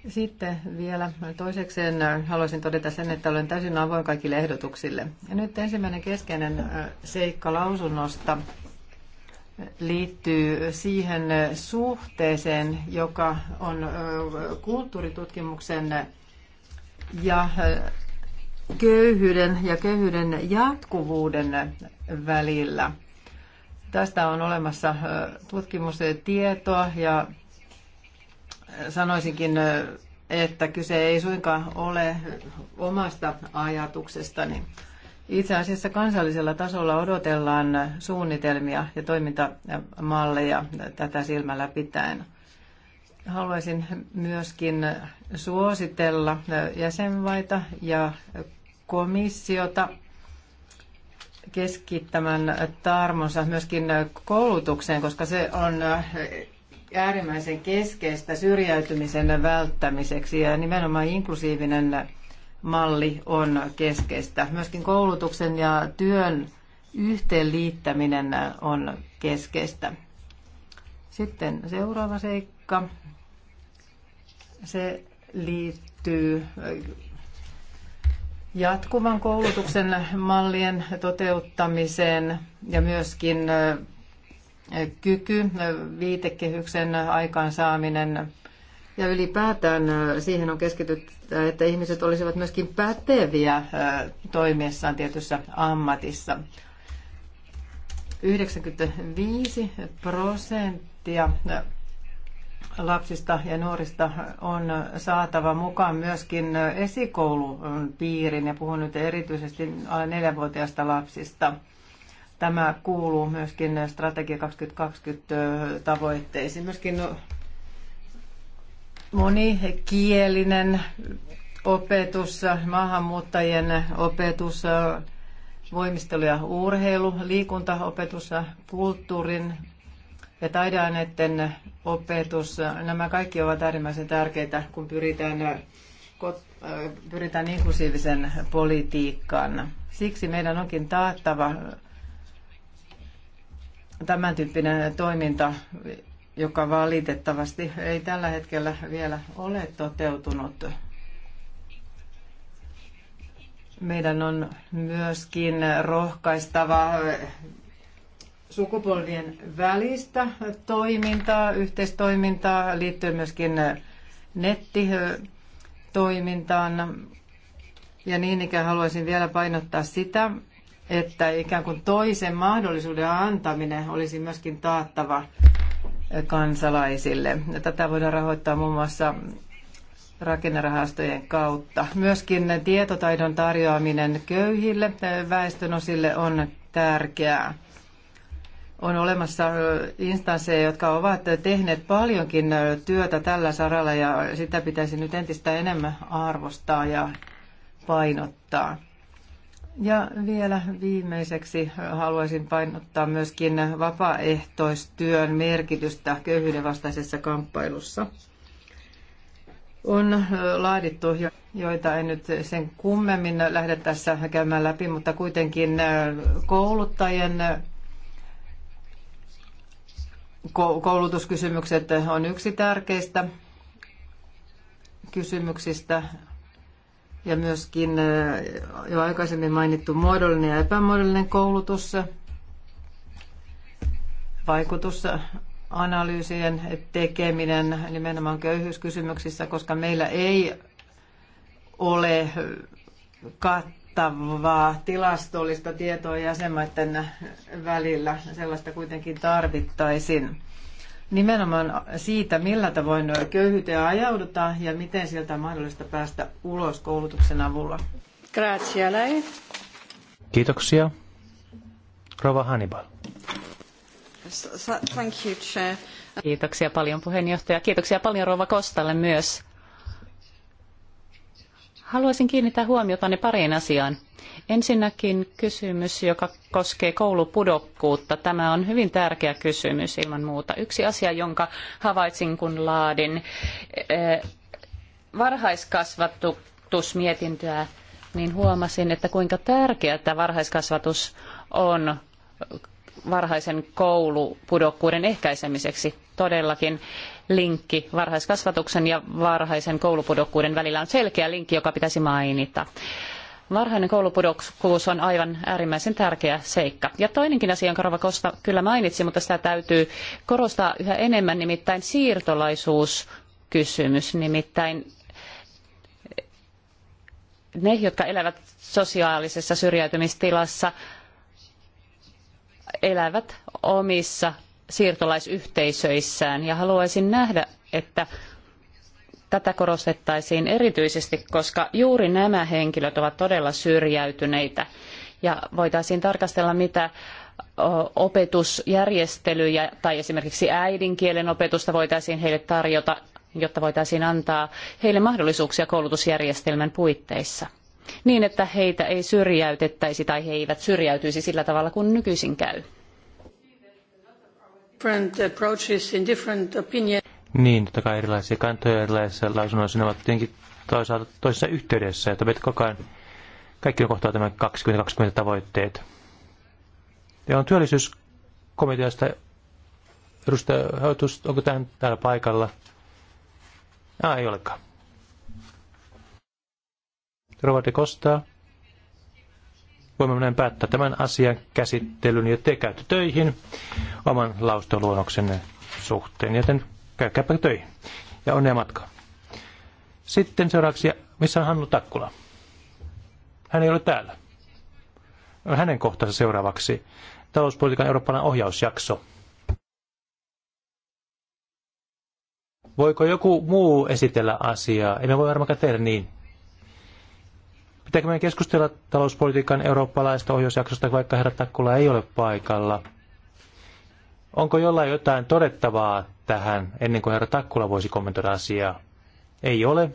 Sitten vielä toisekseen äh, haluaisin todeta sen, että olen täysin avoin kaikille ehdotuksille. Ja nyt ensimmäinen keskeinen äh, seikka lausunnosta liittyy siihen äh, suhteeseen, joka on kulttuuritutkimuksen ja köyhyyden ja köyhyyden jatkuvuuden välillä. Tästä on olemassa tutkimustietoa ja sanoisinkin, että kyse ei suinkaan ole omasta ajatuksestani. Itse asiassa kansallisella tasolla odotellaan suunnitelmia ja toimintamalleja tätä silmällä pitäen. Haluaisin myöskin suositella jäsenvaita ja komissiota keskittämään tarmonsa myöskin koulutukseen, koska se on äärimmäisen keskeistä syrjäytymisen välttämiseksi ja nimenomaan inklusiivinen malli on keskeistä. Myöskin koulutuksen ja työn yhteenliittäminen on keskeistä. Sitten seuraava seikka. Se liittyy jatkuvan koulutuksen mallien toteuttamiseen ja myöskin kyky, viitekehyksen aikaansaaminen ja ylipäätään siihen on keskitytty, että ihmiset olisivat myöskin päteviä toimiessaan tietyssä ammatissa. 95 prosenttia lapsista ja nuorista on saatava mukaan myöskin esikoulun piiriin, ja puhun nyt erityisesti alle neljävuotiaista lapsista – Tämä kuuluu myöskin Strategia 2020 tavoitteisiin. Myöskin monikielinen opetus, maahanmuuttajien opetus, voimistelu ja urheilu, liikuntaopetus, kulttuurin ja taideaineiden opetus. Nämä kaikki ovat äärimmäisen tärkeitä, kun pyritään, pyritään inklusiivisen politiikkaan. Siksi meidän onkin taattava tämän tyyppinen toiminta, joka valitettavasti ei tällä hetkellä vielä ole toteutunut. Meidän on myöskin rohkaistava sukupolvien välistä toimintaa, yhteistoimintaa, liittyen myöskin nettitoimintaan. Ja niin ikään haluaisin vielä painottaa sitä, että ikään kuin toisen mahdollisuuden antaminen olisi myöskin taattava kansalaisille. Tätä voidaan rahoittaa muun muassa rakennerahastojen kautta. Myöskin tietotaidon tarjoaminen köyhille väestönosille on tärkeää. On olemassa instansseja, jotka ovat tehneet paljonkin työtä tällä saralla ja sitä pitäisi nyt entistä enemmän arvostaa ja painottaa. Ja vielä viimeiseksi haluaisin painottaa myöskin vapaaehtoistyön merkitystä köyhyyden vastaisessa kamppailussa. On laadittu, joita en nyt sen kummemmin lähde tässä käymään läpi, mutta kuitenkin äh, kouluttajien koulutuskysymykset on yksi tärkeistä kysymyksistä ja myöskin jo aikaisemmin mainittu muodollinen ja epämuodollinen koulutus, vaikutusanalyysien tekeminen nimenomaan köyhyyskysymyksissä, koska meillä ei ole kattavaa tilastollista tietoa jäsenmaiden välillä. Sellaista kuitenkin tarvittaisiin nimenomaan siitä, millä tavoin köyhyyteen ajaudutaan ja miten sieltä on mahdollista päästä ulos koulutuksen avulla. Grazie Kiitoksia. Rova Hannibal. Thank you, Chair. Kiitoksia paljon puheenjohtaja. Kiitoksia paljon Rova Kostalle myös Haluaisin kiinnittää huomiota ne pariin asiaan. Ensinnäkin kysymys, joka koskee koulupudokkuutta. Tämä on hyvin tärkeä kysymys ilman muuta. Yksi asia, jonka havaitsin, kun laadin eh, varhaiskasvatusmietintöä, niin huomasin, että kuinka tärkeää tämä varhaiskasvatus on varhaisen koulupudokkuuden ehkäisemiseksi todellakin linkki varhaiskasvatuksen ja varhaisen koulupudokkuuden välillä on selkeä linkki, joka pitäisi mainita. Varhainen koulupudokkuus on aivan äärimmäisen tärkeä seikka. Ja toinenkin asia, jonka Rova Kosta kyllä mainitsi, mutta sitä täytyy korostaa yhä enemmän, nimittäin siirtolaisuuskysymys. Nimittäin ne, jotka elävät sosiaalisessa syrjäytymistilassa, elävät omissa siirtolaisyhteisöissään ja haluaisin nähdä, että tätä korostettaisiin erityisesti, koska juuri nämä henkilöt ovat todella syrjäytyneitä ja voitaisiin tarkastella, mitä opetusjärjestelyjä tai esimerkiksi äidinkielen opetusta voitaisiin heille tarjota, jotta voitaisiin antaa heille mahdollisuuksia koulutusjärjestelmän puitteissa niin, että heitä ei syrjäytettäisi tai he eivät syrjäytyisi sillä tavalla kuin nykyisin käy different approaches in different opinions. Niin, totta kai erilaisia kantoja erilaisissa lausunnoissa, ne ovat tietenkin toisaalta toisessa yhteydessä, että meitä koko ajan kaikki on kohtaa tämän 2020 tavoitteet. Ja on työllisyyskomiteasta edustaja Hautus, onko tämän täällä paikalla? Ah, ei olekaan. Rovati Kostaa voimme näin päättää tämän asian käsittelyn ja te käytte töihin oman laustaluonnoksenne suhteen, joten käykääpä töihin ja onnea matkaa. Sitten seuraavaksi, missä on Hannu Takkula? Hän ei ole täällä. Hänen kohtansa seuraavaksi talouspolitiikan eurooppalainen ohjausjakso. Voiko joku muu esitellä asiaa? Emme voi varmaankaan tehdä niin. Pitääkö meidän keskustella talouspolitiikan eurooppalaista ohjausjaksosta, vaikka herra Takkula ei ole paikalla? Onko jollain jotain todettavaa tähän, ennen kuin herra Takkula voisi kommentoida asiaa? Ei ole.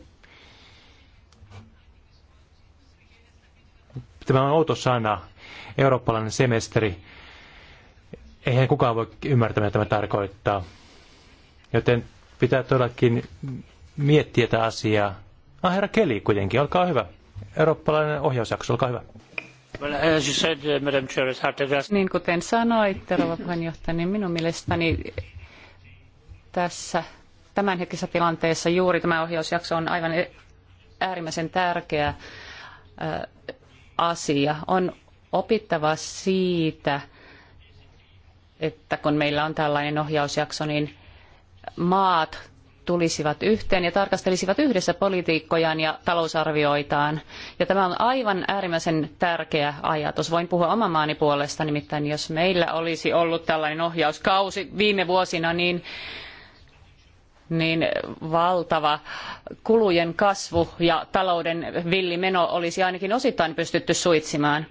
Tämä on outo sana, eurooppalainen semesteri. Eihän kukaan voi ymmärtää, mitä tämä tarkoittaa. Joten pitää todellakin miettiä tätä asiaa. Ah, herra Keli kuitenkin, olkaa hyvä eurooppalainen ohjausjakso. Olkaa hyvä. Uh, niin kuten sanoitte, rouva puheenjohtaja, niin minun mielestäni tässä tämänhetkisessä tilanteessa juuri tämä ohjausjakso on aivan äärimmäisen tärkeä asia. On opittava siitä, että kun meillä on tällainen ohjausjakso, niin maat tulisivat yhteen ja tarkastelisivat yhdessä politiikkojaan ja talousarvioitaan. Ja tämä on aivan äärimmäisen tärkeä ajatus. Voin puhua oman maani puolesta, nimittäin jos meillä olisi ollut tällainen ohjauskausi viime vuosina, niin niin valtava kulujen kasvu ja talouden villimeno olisi ainakin osittain pystytty suitsimaan.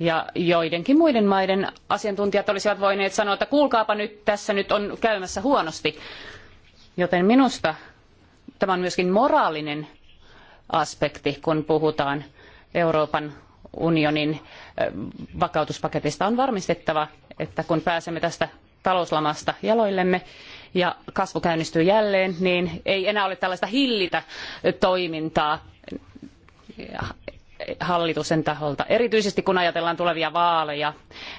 Ja joidenkin muiden maiden asiantuntijat olisivat voineet sanoa, että kuulkaapa nyt, tässä nyt on käymässä huonosti. Joten minusta tämä on myöskin moraalinen aspekti, kun puhutaan Euroopan unionin vakautuspaketista. On varmistettava, että kun pääsemme tästä talouslamasta jaloillemme ja kasvu käynnistyy jälleen, niin ei enää ole tällaista hillitä toimintaa hallituksen taholta. Erityisesti kun ajatellaan tulevia vaaleja,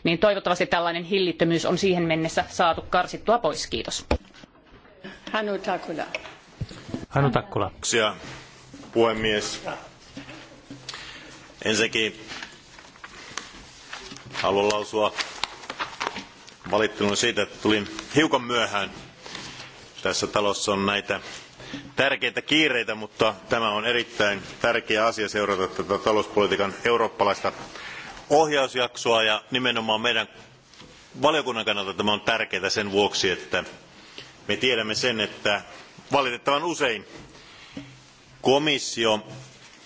niin toivottavasti tällainen hillittömyys on siihen mennessä saatu karsittua pois. Kiitos arvoisa puhemies. Ensinnäkin haluan lausua valittelun siitä, että tulin hiukan myöhään. Tässä talossa on näitä tärkeitä kiireitä, mutta tämä on erittäin tärkeä asia seurata tätä talouspolitiikan eurooppalaista ohjausjaksoa ja nimenomaan meidän valiokunnan kannalta tämä on tärkeää sen vuoksi, että me tiedämme sen, että valitettavan usein komissio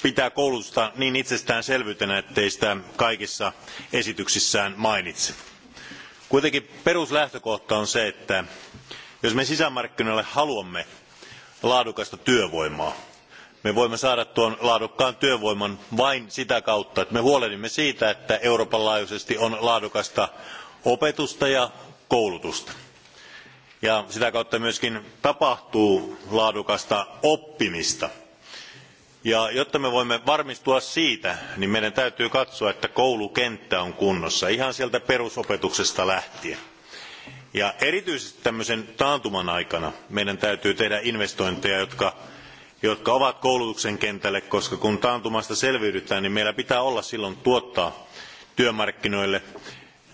pitää koulutusta niin itsestäänselvyytenä, ettei sitä kaikissa esityksissään mainitse. Kuitenkin peruslähtökohta on se, että jos me sisämarkkinoille haluamme laadukasta työvoimaa, me voimme saada tuon laadukkaan työvoiman vain sitä kautta, että me huolehdimme siitä, että Euroopan laajuisesti on laadukasta opetusta ja koulutusta ja sitä kautta myöskin tapahtuu laadukasta oppimista. Ja jotta me voimme varmistua siitä, niin meidän täytyy katsoa, että koulukenttä on kunnossa ihan sieltä perusopetuksesta lähtien. Ja erityisesti tämmöisen taantuman aikana meidän täytyy tehdä investointeja, jotka, jotka ovat koulutuksen kentälle, koska kun taantumasta selviydytään, niin meillä pitää olla silloin tuottaa työmarkkinoille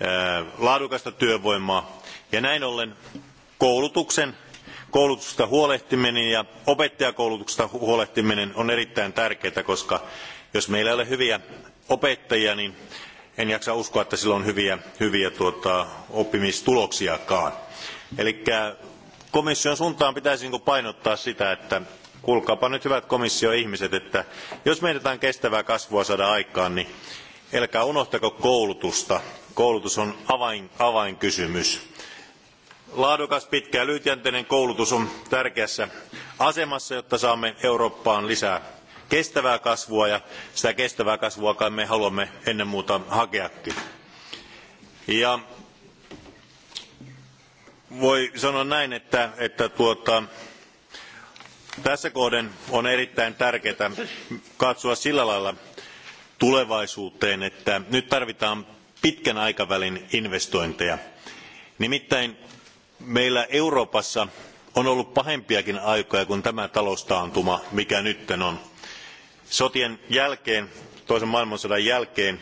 ää, laadukasta työvoimaa. Ja näin ollen koulutuksen koulutuksesta huolehtiminen ja opettajakoulutuksesta huolehtiminen on erittäin tärkeää koska jos meillä ei ole hyviä opettajia niin en jaksa uskoa että sillä on hyviä, hyviä tuota, oppimistuloksiakaan. Eli komission suuntaan pitäisi niin painottaa sitä, että kuulkaapa nyt hyvät komission ihmiset, että jos meidätään kestävää kasvua saada aikaan, niin älkää unohtako koulutusta. Koulutus on avain, avainkysymys laadukas pitkä ja lyhytjänteinen koulutus on tärkeässä asemassa jotta saamme eurooppaan lisää kestävää kasvua ja sitä kestävää kasvua kai me haluamme ennen muuta hakeakin. Ja voi sanoa näin että, että tuota, tässä kohden on erittäin tärkeää katsoa sillä lailla tulevaisuuteen että nyt tarvitaan pitkän aikavälin investointeja. nimittäin meillä euroopassa on ollut pahempiakin aikoja kuin tämä taloustaantuma mikä nyt on. sotien jälkeen toisen maailmansodan jälkeen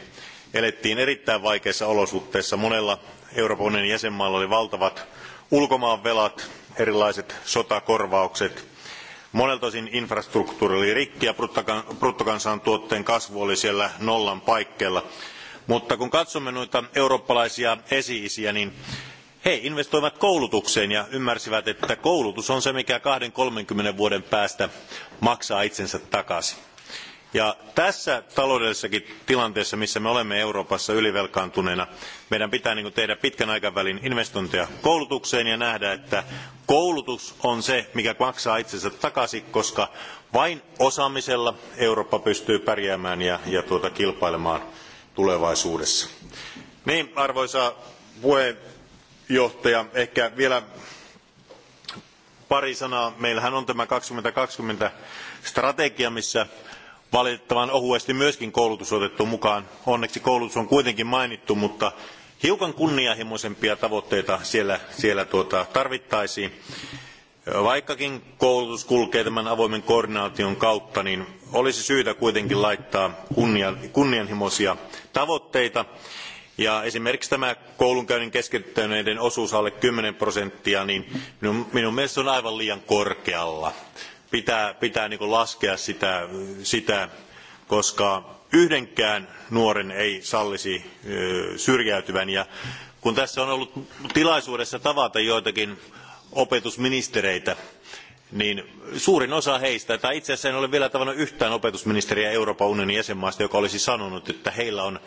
elettiin erittäin vaikeissa olosuhteissa. monella euroopan unionin jäsenmaalla oli valtavat ulkomaanvelat erilaiset sotakorvaukset monelta osin infrastruktuuri oli rikki ja bruttokansantuotteen kasvu oli siellä nollan paikkeilla. mutta kun katsomme noita eurooppalaisia esi isiä niin he investoivat koulutukseen ja ymmärsivät että koulutus on se mikä kaksikymmentä kolmekymmentä vuoden päästä maksaa itsensä takaisin. Ja tässä taloudellisessakin tilanteessa missä me olemme euroopassa ylivelkaantuneena meidän pitää niin tehdä pitkän aikavälin investointeja koulutukseen ja nähdä että koulutus on se mikä maksaa itsensä takaisin koska vain osaamisella eurooppa pystyy pärjäämään ja, ja tuota, kilpailemaan tulevaisuudessa. Niin, arvoisa puhemies johtaja ehkä vielä pari sanaa. meillähän on tämä kaksituhatta kaksikymmentä strategia missä valitettavan ohuesti myöskin koulutus on otettu mukaan. onneksi koulutus on kuitenkin mainittu mutta hiukan kunnianhimoisempia tavoitteita siellä, siellä tuota, tarvittaisiin. Vaikkakin koulutus kulkee tämän avoimen koordinaation kautta, niin olisi syytä kuitenkin laittaa kunnianhimoisia tavoitteita. Ja esimerkiksi tämä koulunkäynnin keskeyttäneiden osuus alle 10 prosenttia, niin minun, mielestäni on aivan liian korkealla. Pitää, pitää niin laskea sitä, koska yhdenkään nuoren ei sallisi syrjäytyvän. Ja kun tässä on ollut tilaisuudessa tavata joitakin opetusministereitä, niin suurin osa heistä, tai itse asiassa en ole vielä tavannut yhtään opetusministeriä Euroopan unionin jäsenmaista, joka olisi sanonut, että heillä on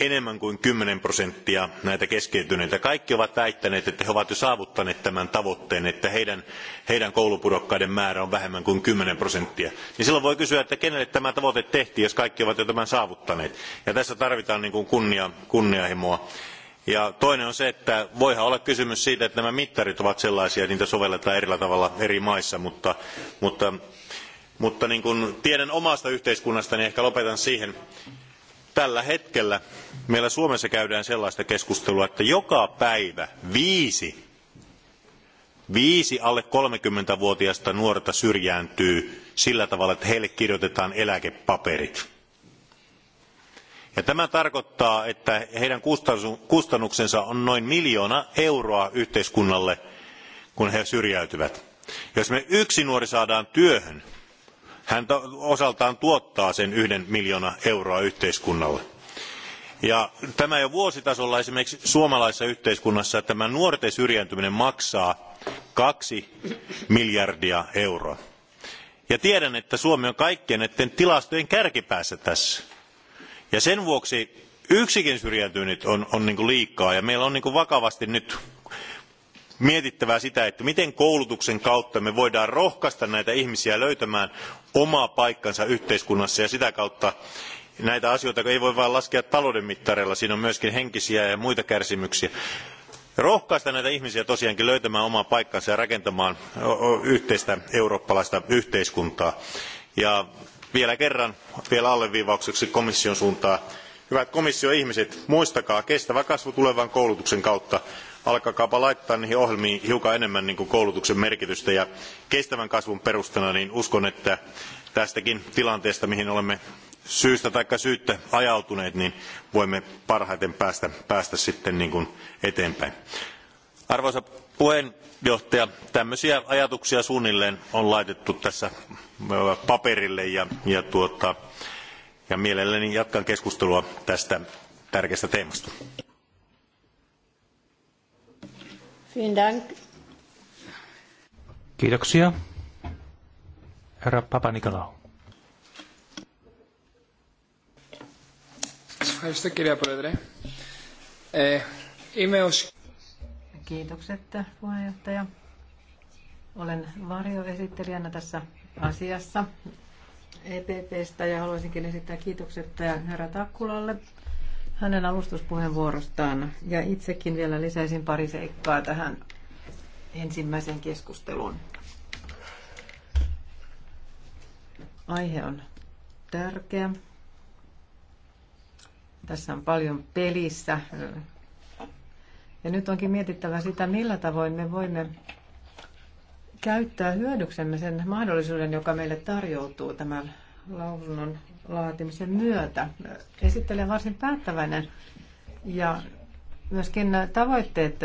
enemmän kuin 10 prosenttia näitä keskeytyneitä. Kaikki ovat väittäneet, että he ovat jo saavuttaneet tämän tavoitteen, että heidän, heidän koulupudokkaiden määrä on vähemmän kuin 10 prosenttia. Niin silloin voi kysyä, että kenelle tämä tavoite tehtiin, jos kaikki ovat jo tämän saavuttaneet. Ja tässä tarvitaan niin kuin kunnia, kunnianhimoa. Ja toinen on se, että voihan olla kysymys siitä, että nämä mittarit ovat sellaisia, että niitä sovelletaan eri tavalla eri maissa, mutta, mutta, mutta niin kuin tiedän omasta yhteiskunnastani, niin ehkä lopetan siihen, tällä hetkellä meillä Suomessa käydään sellaista keskustelua, että joka päivä viisi, viisi alle 30-vuotiaista nuorta syrjääntyy sillä tavalla, että heille kirjoitetaan eläkepaperit. Ja tämä tarkoittaa, että heidän kustannuksensa on noin miljoona euroa yhteiskunnalle, kun he syrjäytyvät. Jos me yksi nuori saadaan työhön, hän osaltaan tuottaa sen yhden miljoona euroa yhteiskunnalle. Ja tämä jo vuositasolla esimerkiksi suomalaisessa yhteiskunnassa tämä nuorten syrjäytyminen maksaa kaksi miljardia euroa. Ja tiedän, että Suomi on kaikkien näiden tilastojen kärkipäässä tässä. Ja sen vuoksi yksikin syrjäytynyt on, on niin liikaa ja meillä on niin vakavasti nyt mietittävä sitä, että miten koulutuksen kautta me voidaan rohkaista näitä ihmisiä löytämään oma paikkansa yhteiskunnassa ja sitä kautta näitä asioita ei voi vain laskea talouden mittareilla, siinä on myöskin henkisiä ja muita kärsimyksiä. Rohkaista näitä ihmisiä tosiaankin löytämään oma paikkansa ja rakentamaan yhteistä eurooppalaista yhteiskuntaa. Ja vielä kerran, vielä alleviivaukseksi komission suuntaan, hyvät komission ihmiset, muistakaa kestävä kasvu tulevan koulutuksen kautta alkakaapa laittaa niihin ohjelmiin hiukan enemmän niin kuin koulutuksen merkitystä ja kestävän kasvun perustana, niin uskon, että tästäkin tilanteesta, mihin olemme syystä tai syyttä ajautuneet, niin voimme parhaiten päästä, päästä sitten niin kuin eteenpäin. Arvoisa puheenjohtaja, tämmöisiä ajatuksia suunnilleen on laitettu tässä paperille ja, ja, tuota, ja mielelläni jatkan keskustelua tästä tärkeästä teemasta. Vielen Kiitoksia. Herra Papa Nikolaou. Ευχαριστώ κυρία Πρόεδρε. Ε, είμαι puheenjohtaja. Olen varjoesittelijänä tässä asiassa EPPstä ja haluaisinkin esittää kiitokset äh, herra Takkulalle hänen alustuspuheenvuorostaan. Ja itsekin vielä lisäisin pari seikkaa tähän ensimmäiseen keskusteluun. Aihe on tärkeä. Tässä on paljon pelissä. Ja nyt onkin mietittävä sitä, millä tavoin me voimme käyttää hyödyksemme sen mahdollisuuden, joka meille tarjoutuu tämän lausunnon laatimisen myötä. Esittelen varsin päättäväinen ja myöskin tavoitteet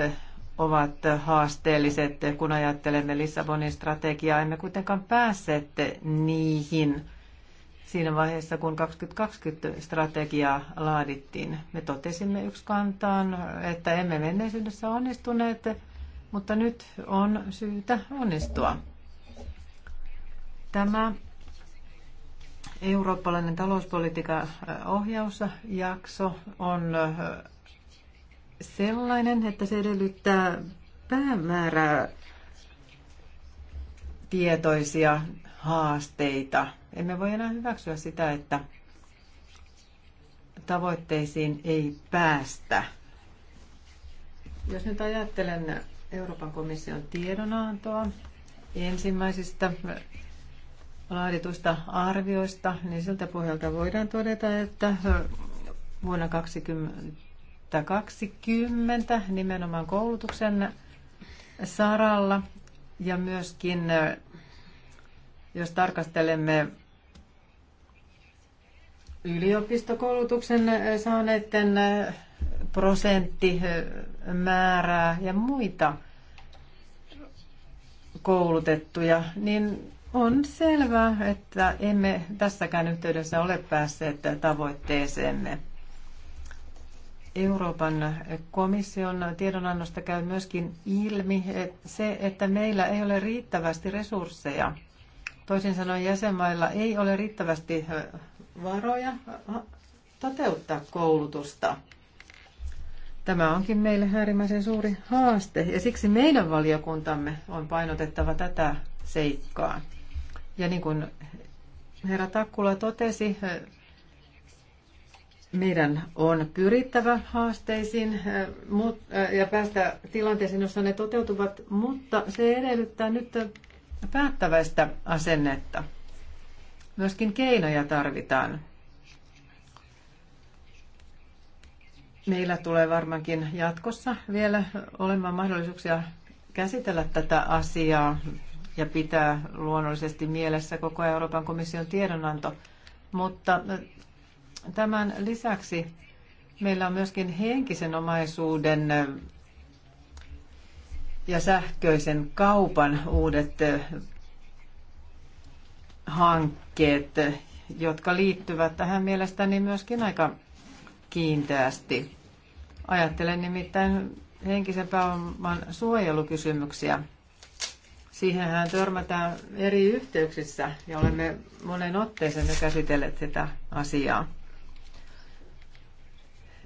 ovat haasteelliset, kun ajattelemme Lissabonin strategiaa. Emme kuitenkaan päässeet niihin siinä vaiheessa, kun 2020-strategiaa laadittiin. Me totesimme yksi kantaan, että emme menneisyydessä onnistuneet, mutta nyt on syytä onnistua. Tämä Eurooppalainen talouspolitiikan äh, ohjausjakso on äh, sellainen, että se edellyttää päämäärää tietoisia haasteita. Emme voi enää hyväksyä sitä, että tavoitteisiin ei päästä. Jos nyt ajattelen Euroopan komission tiedonantoa ensimmäisistä laadituista arvioista, niin siltä pohjalta voidaan todeta, että vuonna 2020 nimenomaan koulutuksen saralla ja myöskin jos tarkastelemme yliopistokoulutuksen saaneiden prosenttimäärää ja muita koulutettuja, niin on selvää, että emme tässäkään yhteydessä ole päässeet tavoitteeseemme. Euroopan komission tiedonannosta käy myöskin ilmi että se, että meillä ei ole riittävästi resursseja. Toisin sanoen jäsenmailla ei ole riittävästi varoja toteuttaa koulutusta. Tämä onkin meille äärimmäisen suuri haaste ja siksi meidän valiokuntamme on painotettava tätä seikkaa. Ja niin kuin herra Takkula totesi, meidän on pyrittävä haasteisiin eh, eh, ja päästä tilanteeseen, jossa ne toteutuvat, mutta se edellyttää nyt eh, päättäväistä asennetta. Myöskin keinoja tarvitaan. Meillä tulee varmaankin jatkossa vielä olemaan mahdollisuuksia käsitellä tätä asiaa ja pitää luonnollisesti mielessä koko Euroopan komission tiedonanto. Mutta tämän lisäksi meillä on myöskin henkisen omaisuuden ja sähköisen kaupan uudet hankkeet, jotka liittyvät tähän mielestäni myöskin aika kiinteästi. Ajattelen nimittäin henkisen pääoman suojelukysymyksiä Siihenhän törmätään eri yhteyksissä ja olemme monen otteeseen jo käsitelleet sitä asiaa.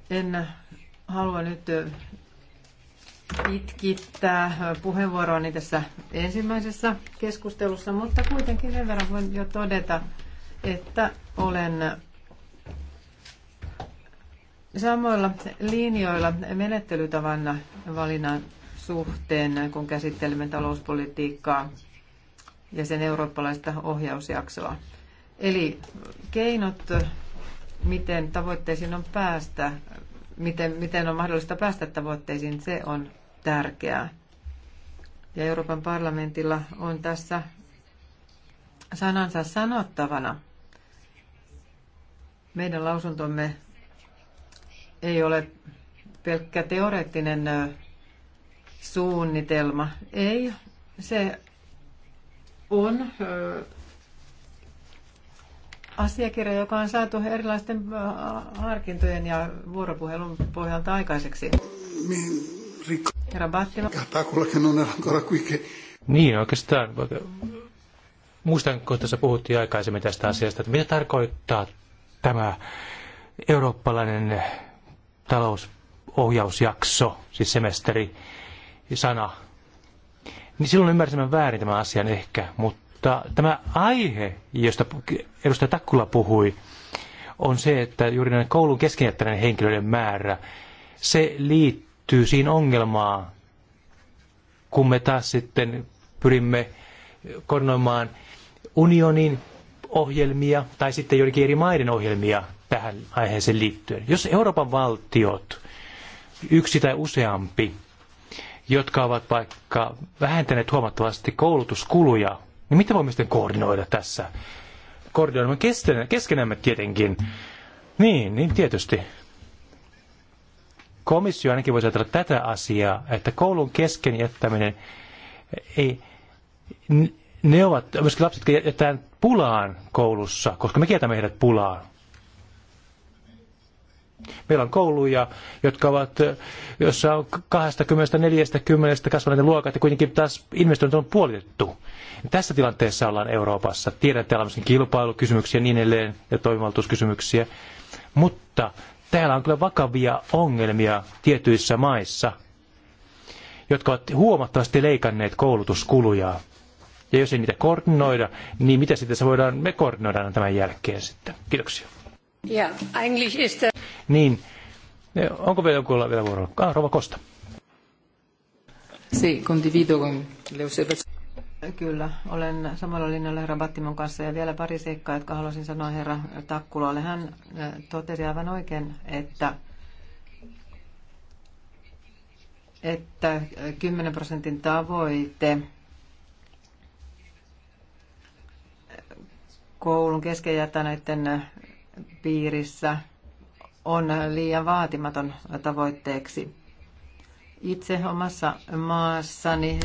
En halua nyt pitkittää puheenvuoroani tässä ensimmäisessä keskustelussa, mutta kuitenkin sen verran voin jo todeta, että olen samoilla linjoilla menettelytavan valinnan suhteen, kun käsittelemme talouspolitiikkaa ja sen eurooppalaista ohjausjaksoa. Eli keinot, miten tavoitteisiin on päästä, miten, miten on mahdollista päästä tavoitteisiin, se on tärkeää. Ja Euroopan parlamentilla on tässä sanansa sanottavana. Meidän lausuntomme ei ole pelkkä teoreettinen suunnitelma. Ei, se on asiakirja, joka on saatu erilaisten harkintojen ja vuoropuhelun pohjalta aikaiseksi. Niin, oikeastaan. Muistan, kun tässä puhuttiin aikaisemmin tästä asiasta, että mitä tarkoittaa tämä eurooppalainen talousohjausjakso, siis semesteri, sana, niin silloin ymmärsimme väärin tämän asian ehkä, mutta tämä aihe, josta edustaja Takkula puhui, on se, että juuri näiden koulun keskenjättäneiden henkilöiden määrä, se liittyy siihen ongelmaan, kun me taas sitten pyrimme koordinoimaan unionin ohjelmia tai sitten joidenkin eri maiden ohjelmia tähän aiheeseen liittyen. Jos Euroopan valtiot, yksi tai useampi, jotka ovat vaikka vähentäneet huomattavasti koulutuskuluja, niin miten voimme sitten koordinoida tässä? Koordinoimme keskenämme tietenkin. Niin, niin tietysti. Komissio ainakin voisi ajatella tätä asiaa, että koulun kesken jättäminen eh, ei, ne ovat, myöskin lapset jätetään pulaan koulussa, koska me kietämme heidät pulaan. Meillä on kouluja, jotka ovat, jossa on 20-40 kasvaneet luokat ja kuitenkin taas investoinnit on puolitettu. Tässä tilanteessa ollaan Euroopassa. Tiedän, että täällä on kilpailukysymyksiä ja niin edelleen ja toimivaltuuskysymyksiä. Mutta täällä on kyllä vakavia ongelmia tietyissä maissa, jotka ovat huomattavasti leikanneet koulutuskuluja. Ja jos ei niitä koordinoida, niin mitä sitten se voidaan me koordinoida tämän jälkeen sitten? Kiitoksia. Ja, eigentlich ist niin, onko vielä joku vielä vuorolla? Ah, Rova Kosta. Si, condivido con Kyllä, olen samalla linjalla herra Battimon kanssa ja vielä pari seikkaa, jotka haluaisin sanoa herra Takkulalle. Hän eh, totesi aivan oikein, että, että 10 eh, prosentin tavoite eh, koulun näiden piirissä – on liian vaatimaton tavoitteeksi. Itse omassa maassani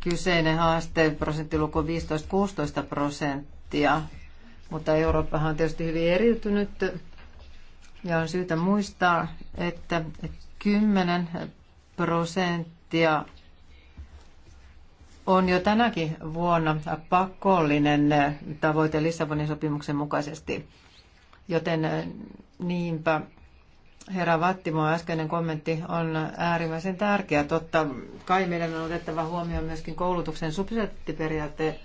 kyseinen haaste prosenttiluku 15-16 prosenttia, mutta Eurooppahan on tietysti hyvin eriytynyt ja on syytä muistaa, että 10 prosenttia on jo tänäkin vuonna pakollinen tavoite Lissabonin sopimuksen mukaisesti, joten Niinpä. Herra Vattimo, äskeinen kommentti on äärimmäisen tärkeä. Totta kai meidän on otettava huomioon myöskin koulutuksen subsidiariteettiperiaate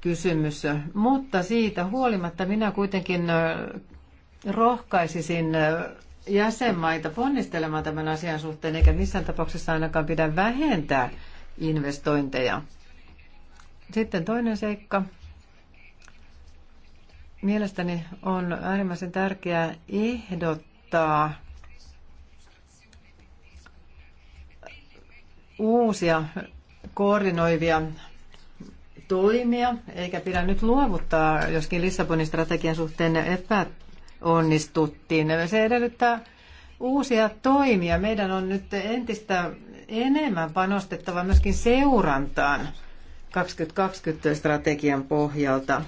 kysymys. Mutta siitä huolimatta minä kuitenkin rohkaisisin jäsenmaita ponnistelemaan tämän asian suhteen, eikä missään tapauksessa ainakaan pidä vähentää investointeja. Sitten toinen seikka. Mielestäni on äärimmäisen tärkeää ehdottaa uusia koordinoivia toimia, eikä pidä nyt luovuttaa, joskin Lissabonin strategian suhteen epäonnistuttiin. Se edellyttää uusia toimia. Meidän on nyt entistä enemmän panostettava myöskin seurantaan 2020 strategian pohjalta.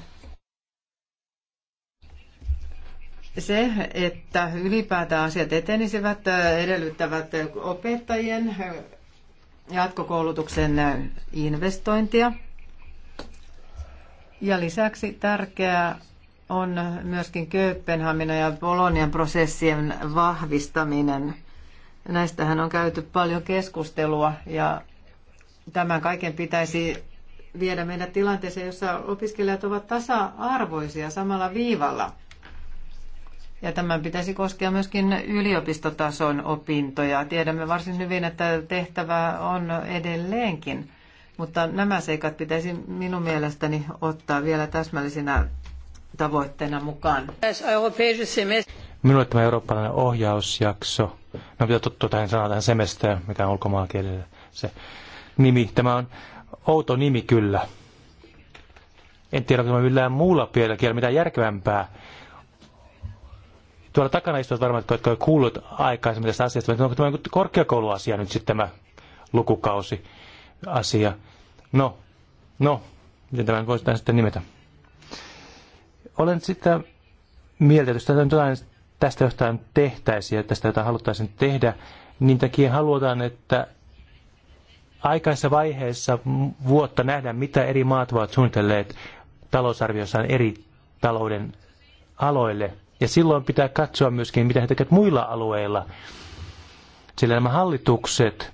se, että ylipäätään asiat etenisivät, edellyttävät opettajien jatkokoulutuksen investointia. Ja lisäksi tärkeää on myöskin Kööpenhaminan ja Bolonian prosessien vahvistaminen. Näistähän on käyty paljon keskustelua ja tämän kaiken pitäisi viedä meidän tilanteeseen, jossa opiskelijat ovat tasa-arvoisia samalla viivalla – ja tämän pitäisi koskea myöskin yliopistotason opintoja. Tiedämme varsin hyvin, että tehtävää on edelleenkin, mutta nämä seikat pitäisi minun mielestäni ottaa vielä täsmällisinä tavoitteena mukaan. Minulle tämä eurooppalainen ohjausjakso, no pitää tuttua tähän sanaan, tähän semester, mikä on ulkomaankielellä se nimi. Tämä on outo nimi kyllä. En tiedä, onko tämä millään muulla kielellä mitään järkevämpää tuolla takana istuvat varmaan, jotka ovat kuulleet aikaisemmin tästä asiasta, mutta onko tämä korkeakouluasia nyt sitten tämä lukukausi asia? No, no, miten tämän voisi sitten nimetä? Olen sitä mieltä, että jos jotain tästä jostain tehtäisiin ja tästä jotain haluttaisiin tehdä, niin takia halutaan, että aikaisessa vaiheessa vuotta nähdään, mitä eri maat ovat suunnitelleet talousarviossaan eri talouden aloille – ja silloin pitää katsoa myöskin, mitä he tekevät muilla alueilla. Sillä nämä hallitukset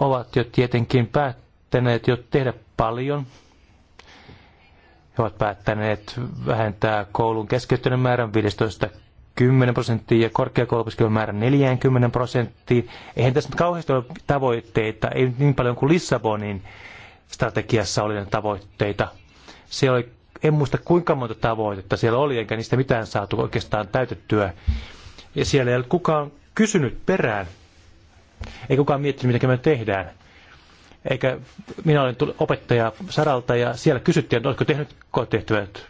ovat jo tietenkin päättäneet jo tehdä paljon. He ovat päättäneet vähentää koulun keskeyttäneen määrän 15 10 prosenttia ja korkeakouluopiskelijoiden määrä 40 prosenttia. Eihän tässä nyt kauheasti ole tavoitteita, ei niin paljon kuin Lissabonin strategiassa oli tavoitteita. Se oli en muista kuinka monta tavoitetta siellä oli, eikä niistä mitään saatu oikeastaan täytettyä. Ja siellä ei ole kukaan kysynyt perään, ei kukaan miettinyt, mitä me tehdään. Eikä minä olen opettaja saralta ja siellä kysyttiin, että oletko tehnyt kotitehtävät?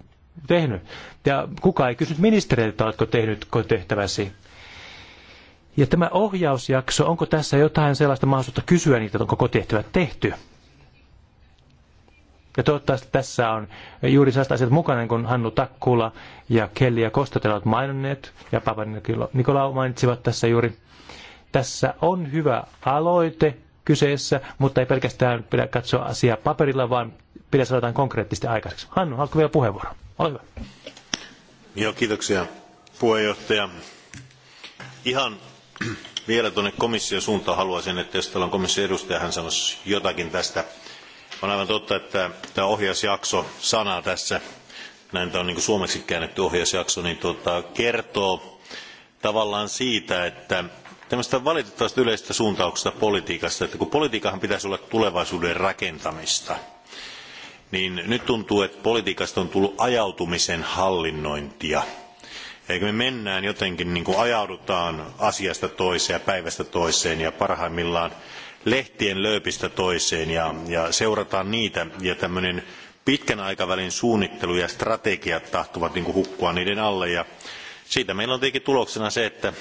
Tehnyt. Ja kukaan ei kysynyt ministereiltä, että oletko tehnyt kotehtäväsi. Ja tämä ohjausjakso, onko tässä jotain sellaista mahdollisuutta kysyä niitä, että onko kotehtävät tehty? Ja toivottavasti tässä on juuri sellaiset asiat mukana, niin kun Hannu Takkula ja Kelli ja Kostatel ovat maininneet, ja Papa Nikolau mainitsivat tässä juuri. Tässä on hyvä aloite kyseessä, mutta ei pelkästään pidä katsoa asiaa paperilla, vaan pidä saada jotain konkreettisesti aikaiseksi. Hannu, haluatko vielä puheenvuoro? Ole hyvä. Joo, kiitoksia puheenjohtaja. Ihan vielä tuonne komission suuntaan haluaisin, että jos täällä on komission edustaja, hän sanoisi jotakin tästä on aivan totta, että tämä ohjausjakso-sana tässä, näin tämä on niin suomeksi käännetty ohjausjakso, niin tuota, kertoo tavallaan siitä, että tämmöistä valitettavasta yleisestä suuntauksesta politiikassa, että kun politiikahan pitäisi olla tulevaisuuden rakentamista, niin nyt tuntuu, että politiikasta on tullut ajautumisen hallinnointia. Eikö me mennään jotenkin, niin kuin ajaudutaan asiasta toiseen ja päivästä toiseen ja parhaimmillaan lehtien lööpistä toiseen ja, ja seurataan niitä ja tämmöinen pitkän aikavälin suunnittelu ja strategiat tahtuvat niin hukkua niiden alle ja siitä meillä on tietenkin tuloksena se, että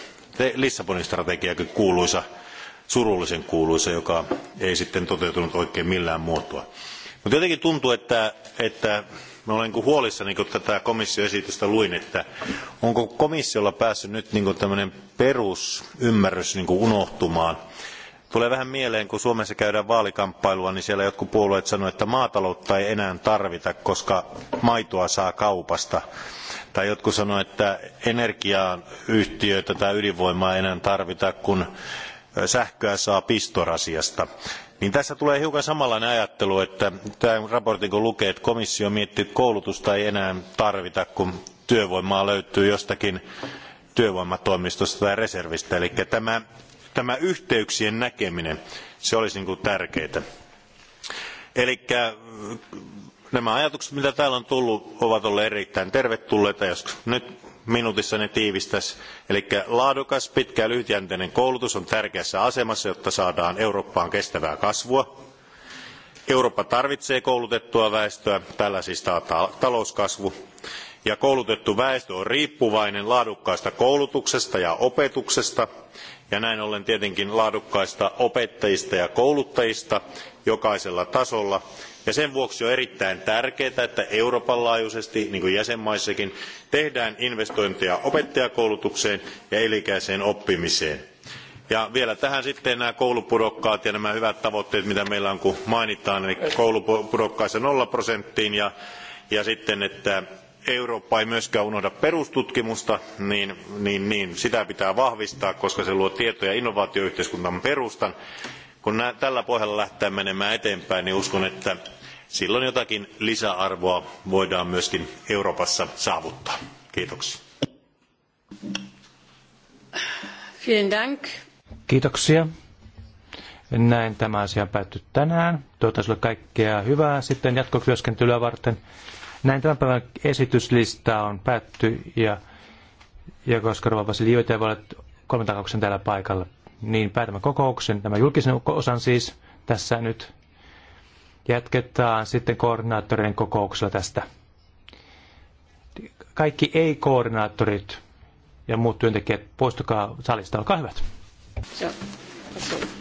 Lissabonin strategiakin kuuluisa, surullisen kuuluisa, joka ei sitten toteutunut oikein millään muotoa. Mutta jotenkin tuntuu, että, että mä olen niin huolissani, kun tätä komissioesitystä luin, että onko komissiolla päässyt nyt niin tämmöinen perusymmärrys niin unohtumaan – Tulee vähän mieleen, kun Suomessa käydään vaalikamppailua, niin siellä jotkut puolueet sanoivat, että maataloutta ei enää tarvita, koska maitoa saa kaupasta. Tai jotkut sanoivat, että energiayhtiöitä tai ydinvoimaa ei enää tarvita, kun sähköä saa pistorasiasta. Niin tässä tulee hiukan samanlainen ajattelu, että tämän raportin kun lukee, että komissio miettii, että koulutusta ei enää tarvita, kun työvoimaa löytyy jostakin työvoimatoimistosta tai reservistä. Eli tämä tämä yhteyksien näkeminen, se olisi niinku tärkeää. Eli nämä ajatukset, mitä täällä on tullut, ovat olleet erittäin tervetulleita, jos nyt minuutissa ne tiivistäisi. Eli laadukas, pitkä ja lyhytjänteinen koulutus on tärkeässä asemassa, jotta saadaan Eurooppaan kestävää kasvua. Eurooppa tarvitsee koulutettua väestöä, tällä siis taataan talouskasvu. Ja koulutettu väestö on riippuvainen laadukkaasta koulutuksesta ja opetuksesta, ja näin ollen tietenkin laadukkaista opettajista ja kouluttajista jokaisella tasolla ja sen vuoksi on erittäin tärkeää että euroopan laajuisesti niin kuin jäsenmaissakin tehdään investointeja opettajakoulutukseen ja elinikäiseen oppimiseen. Ja vielä tähän sitten nämä koulupudokkaat ja nämä hyvät tavoitteet, mitä meillä on, kun mainitaan, eli koulupudokkaissa nolla prosenttiin ja, ja sitten, että eurooppa ei myöskään unohda perustutkimusta niin, niin, niin sitä pitää vahvistaa koska se luo tieto ja innovaatioyhteiskunnan perustan. kun nä, tällä pohjalla lähdetään menemään eteenpäin niin uskon että silloin jotakin lisäarvoa voidaan myöskin euroopassa saavuttaa. kiitoksia. Kiitoksia. Näin tämä asia päättyy tänään. Toivottavasti kaikkea hyvää sitten jatkotyöskentelyä varten. Näin tämän päivän esityslista on päätty ja, ja koska Rova Vasili ei voi olla kolmen täällä paikalla, niin päätämme kokouksen, tämä julkisen osan siis tässä nyt jatketaan sitten koordinaattoreiden kokouksella tästä. Kaikki ei-koordinaattorit ja muut työntekijät, poistukaa salista, olkaa hyvät. Joo,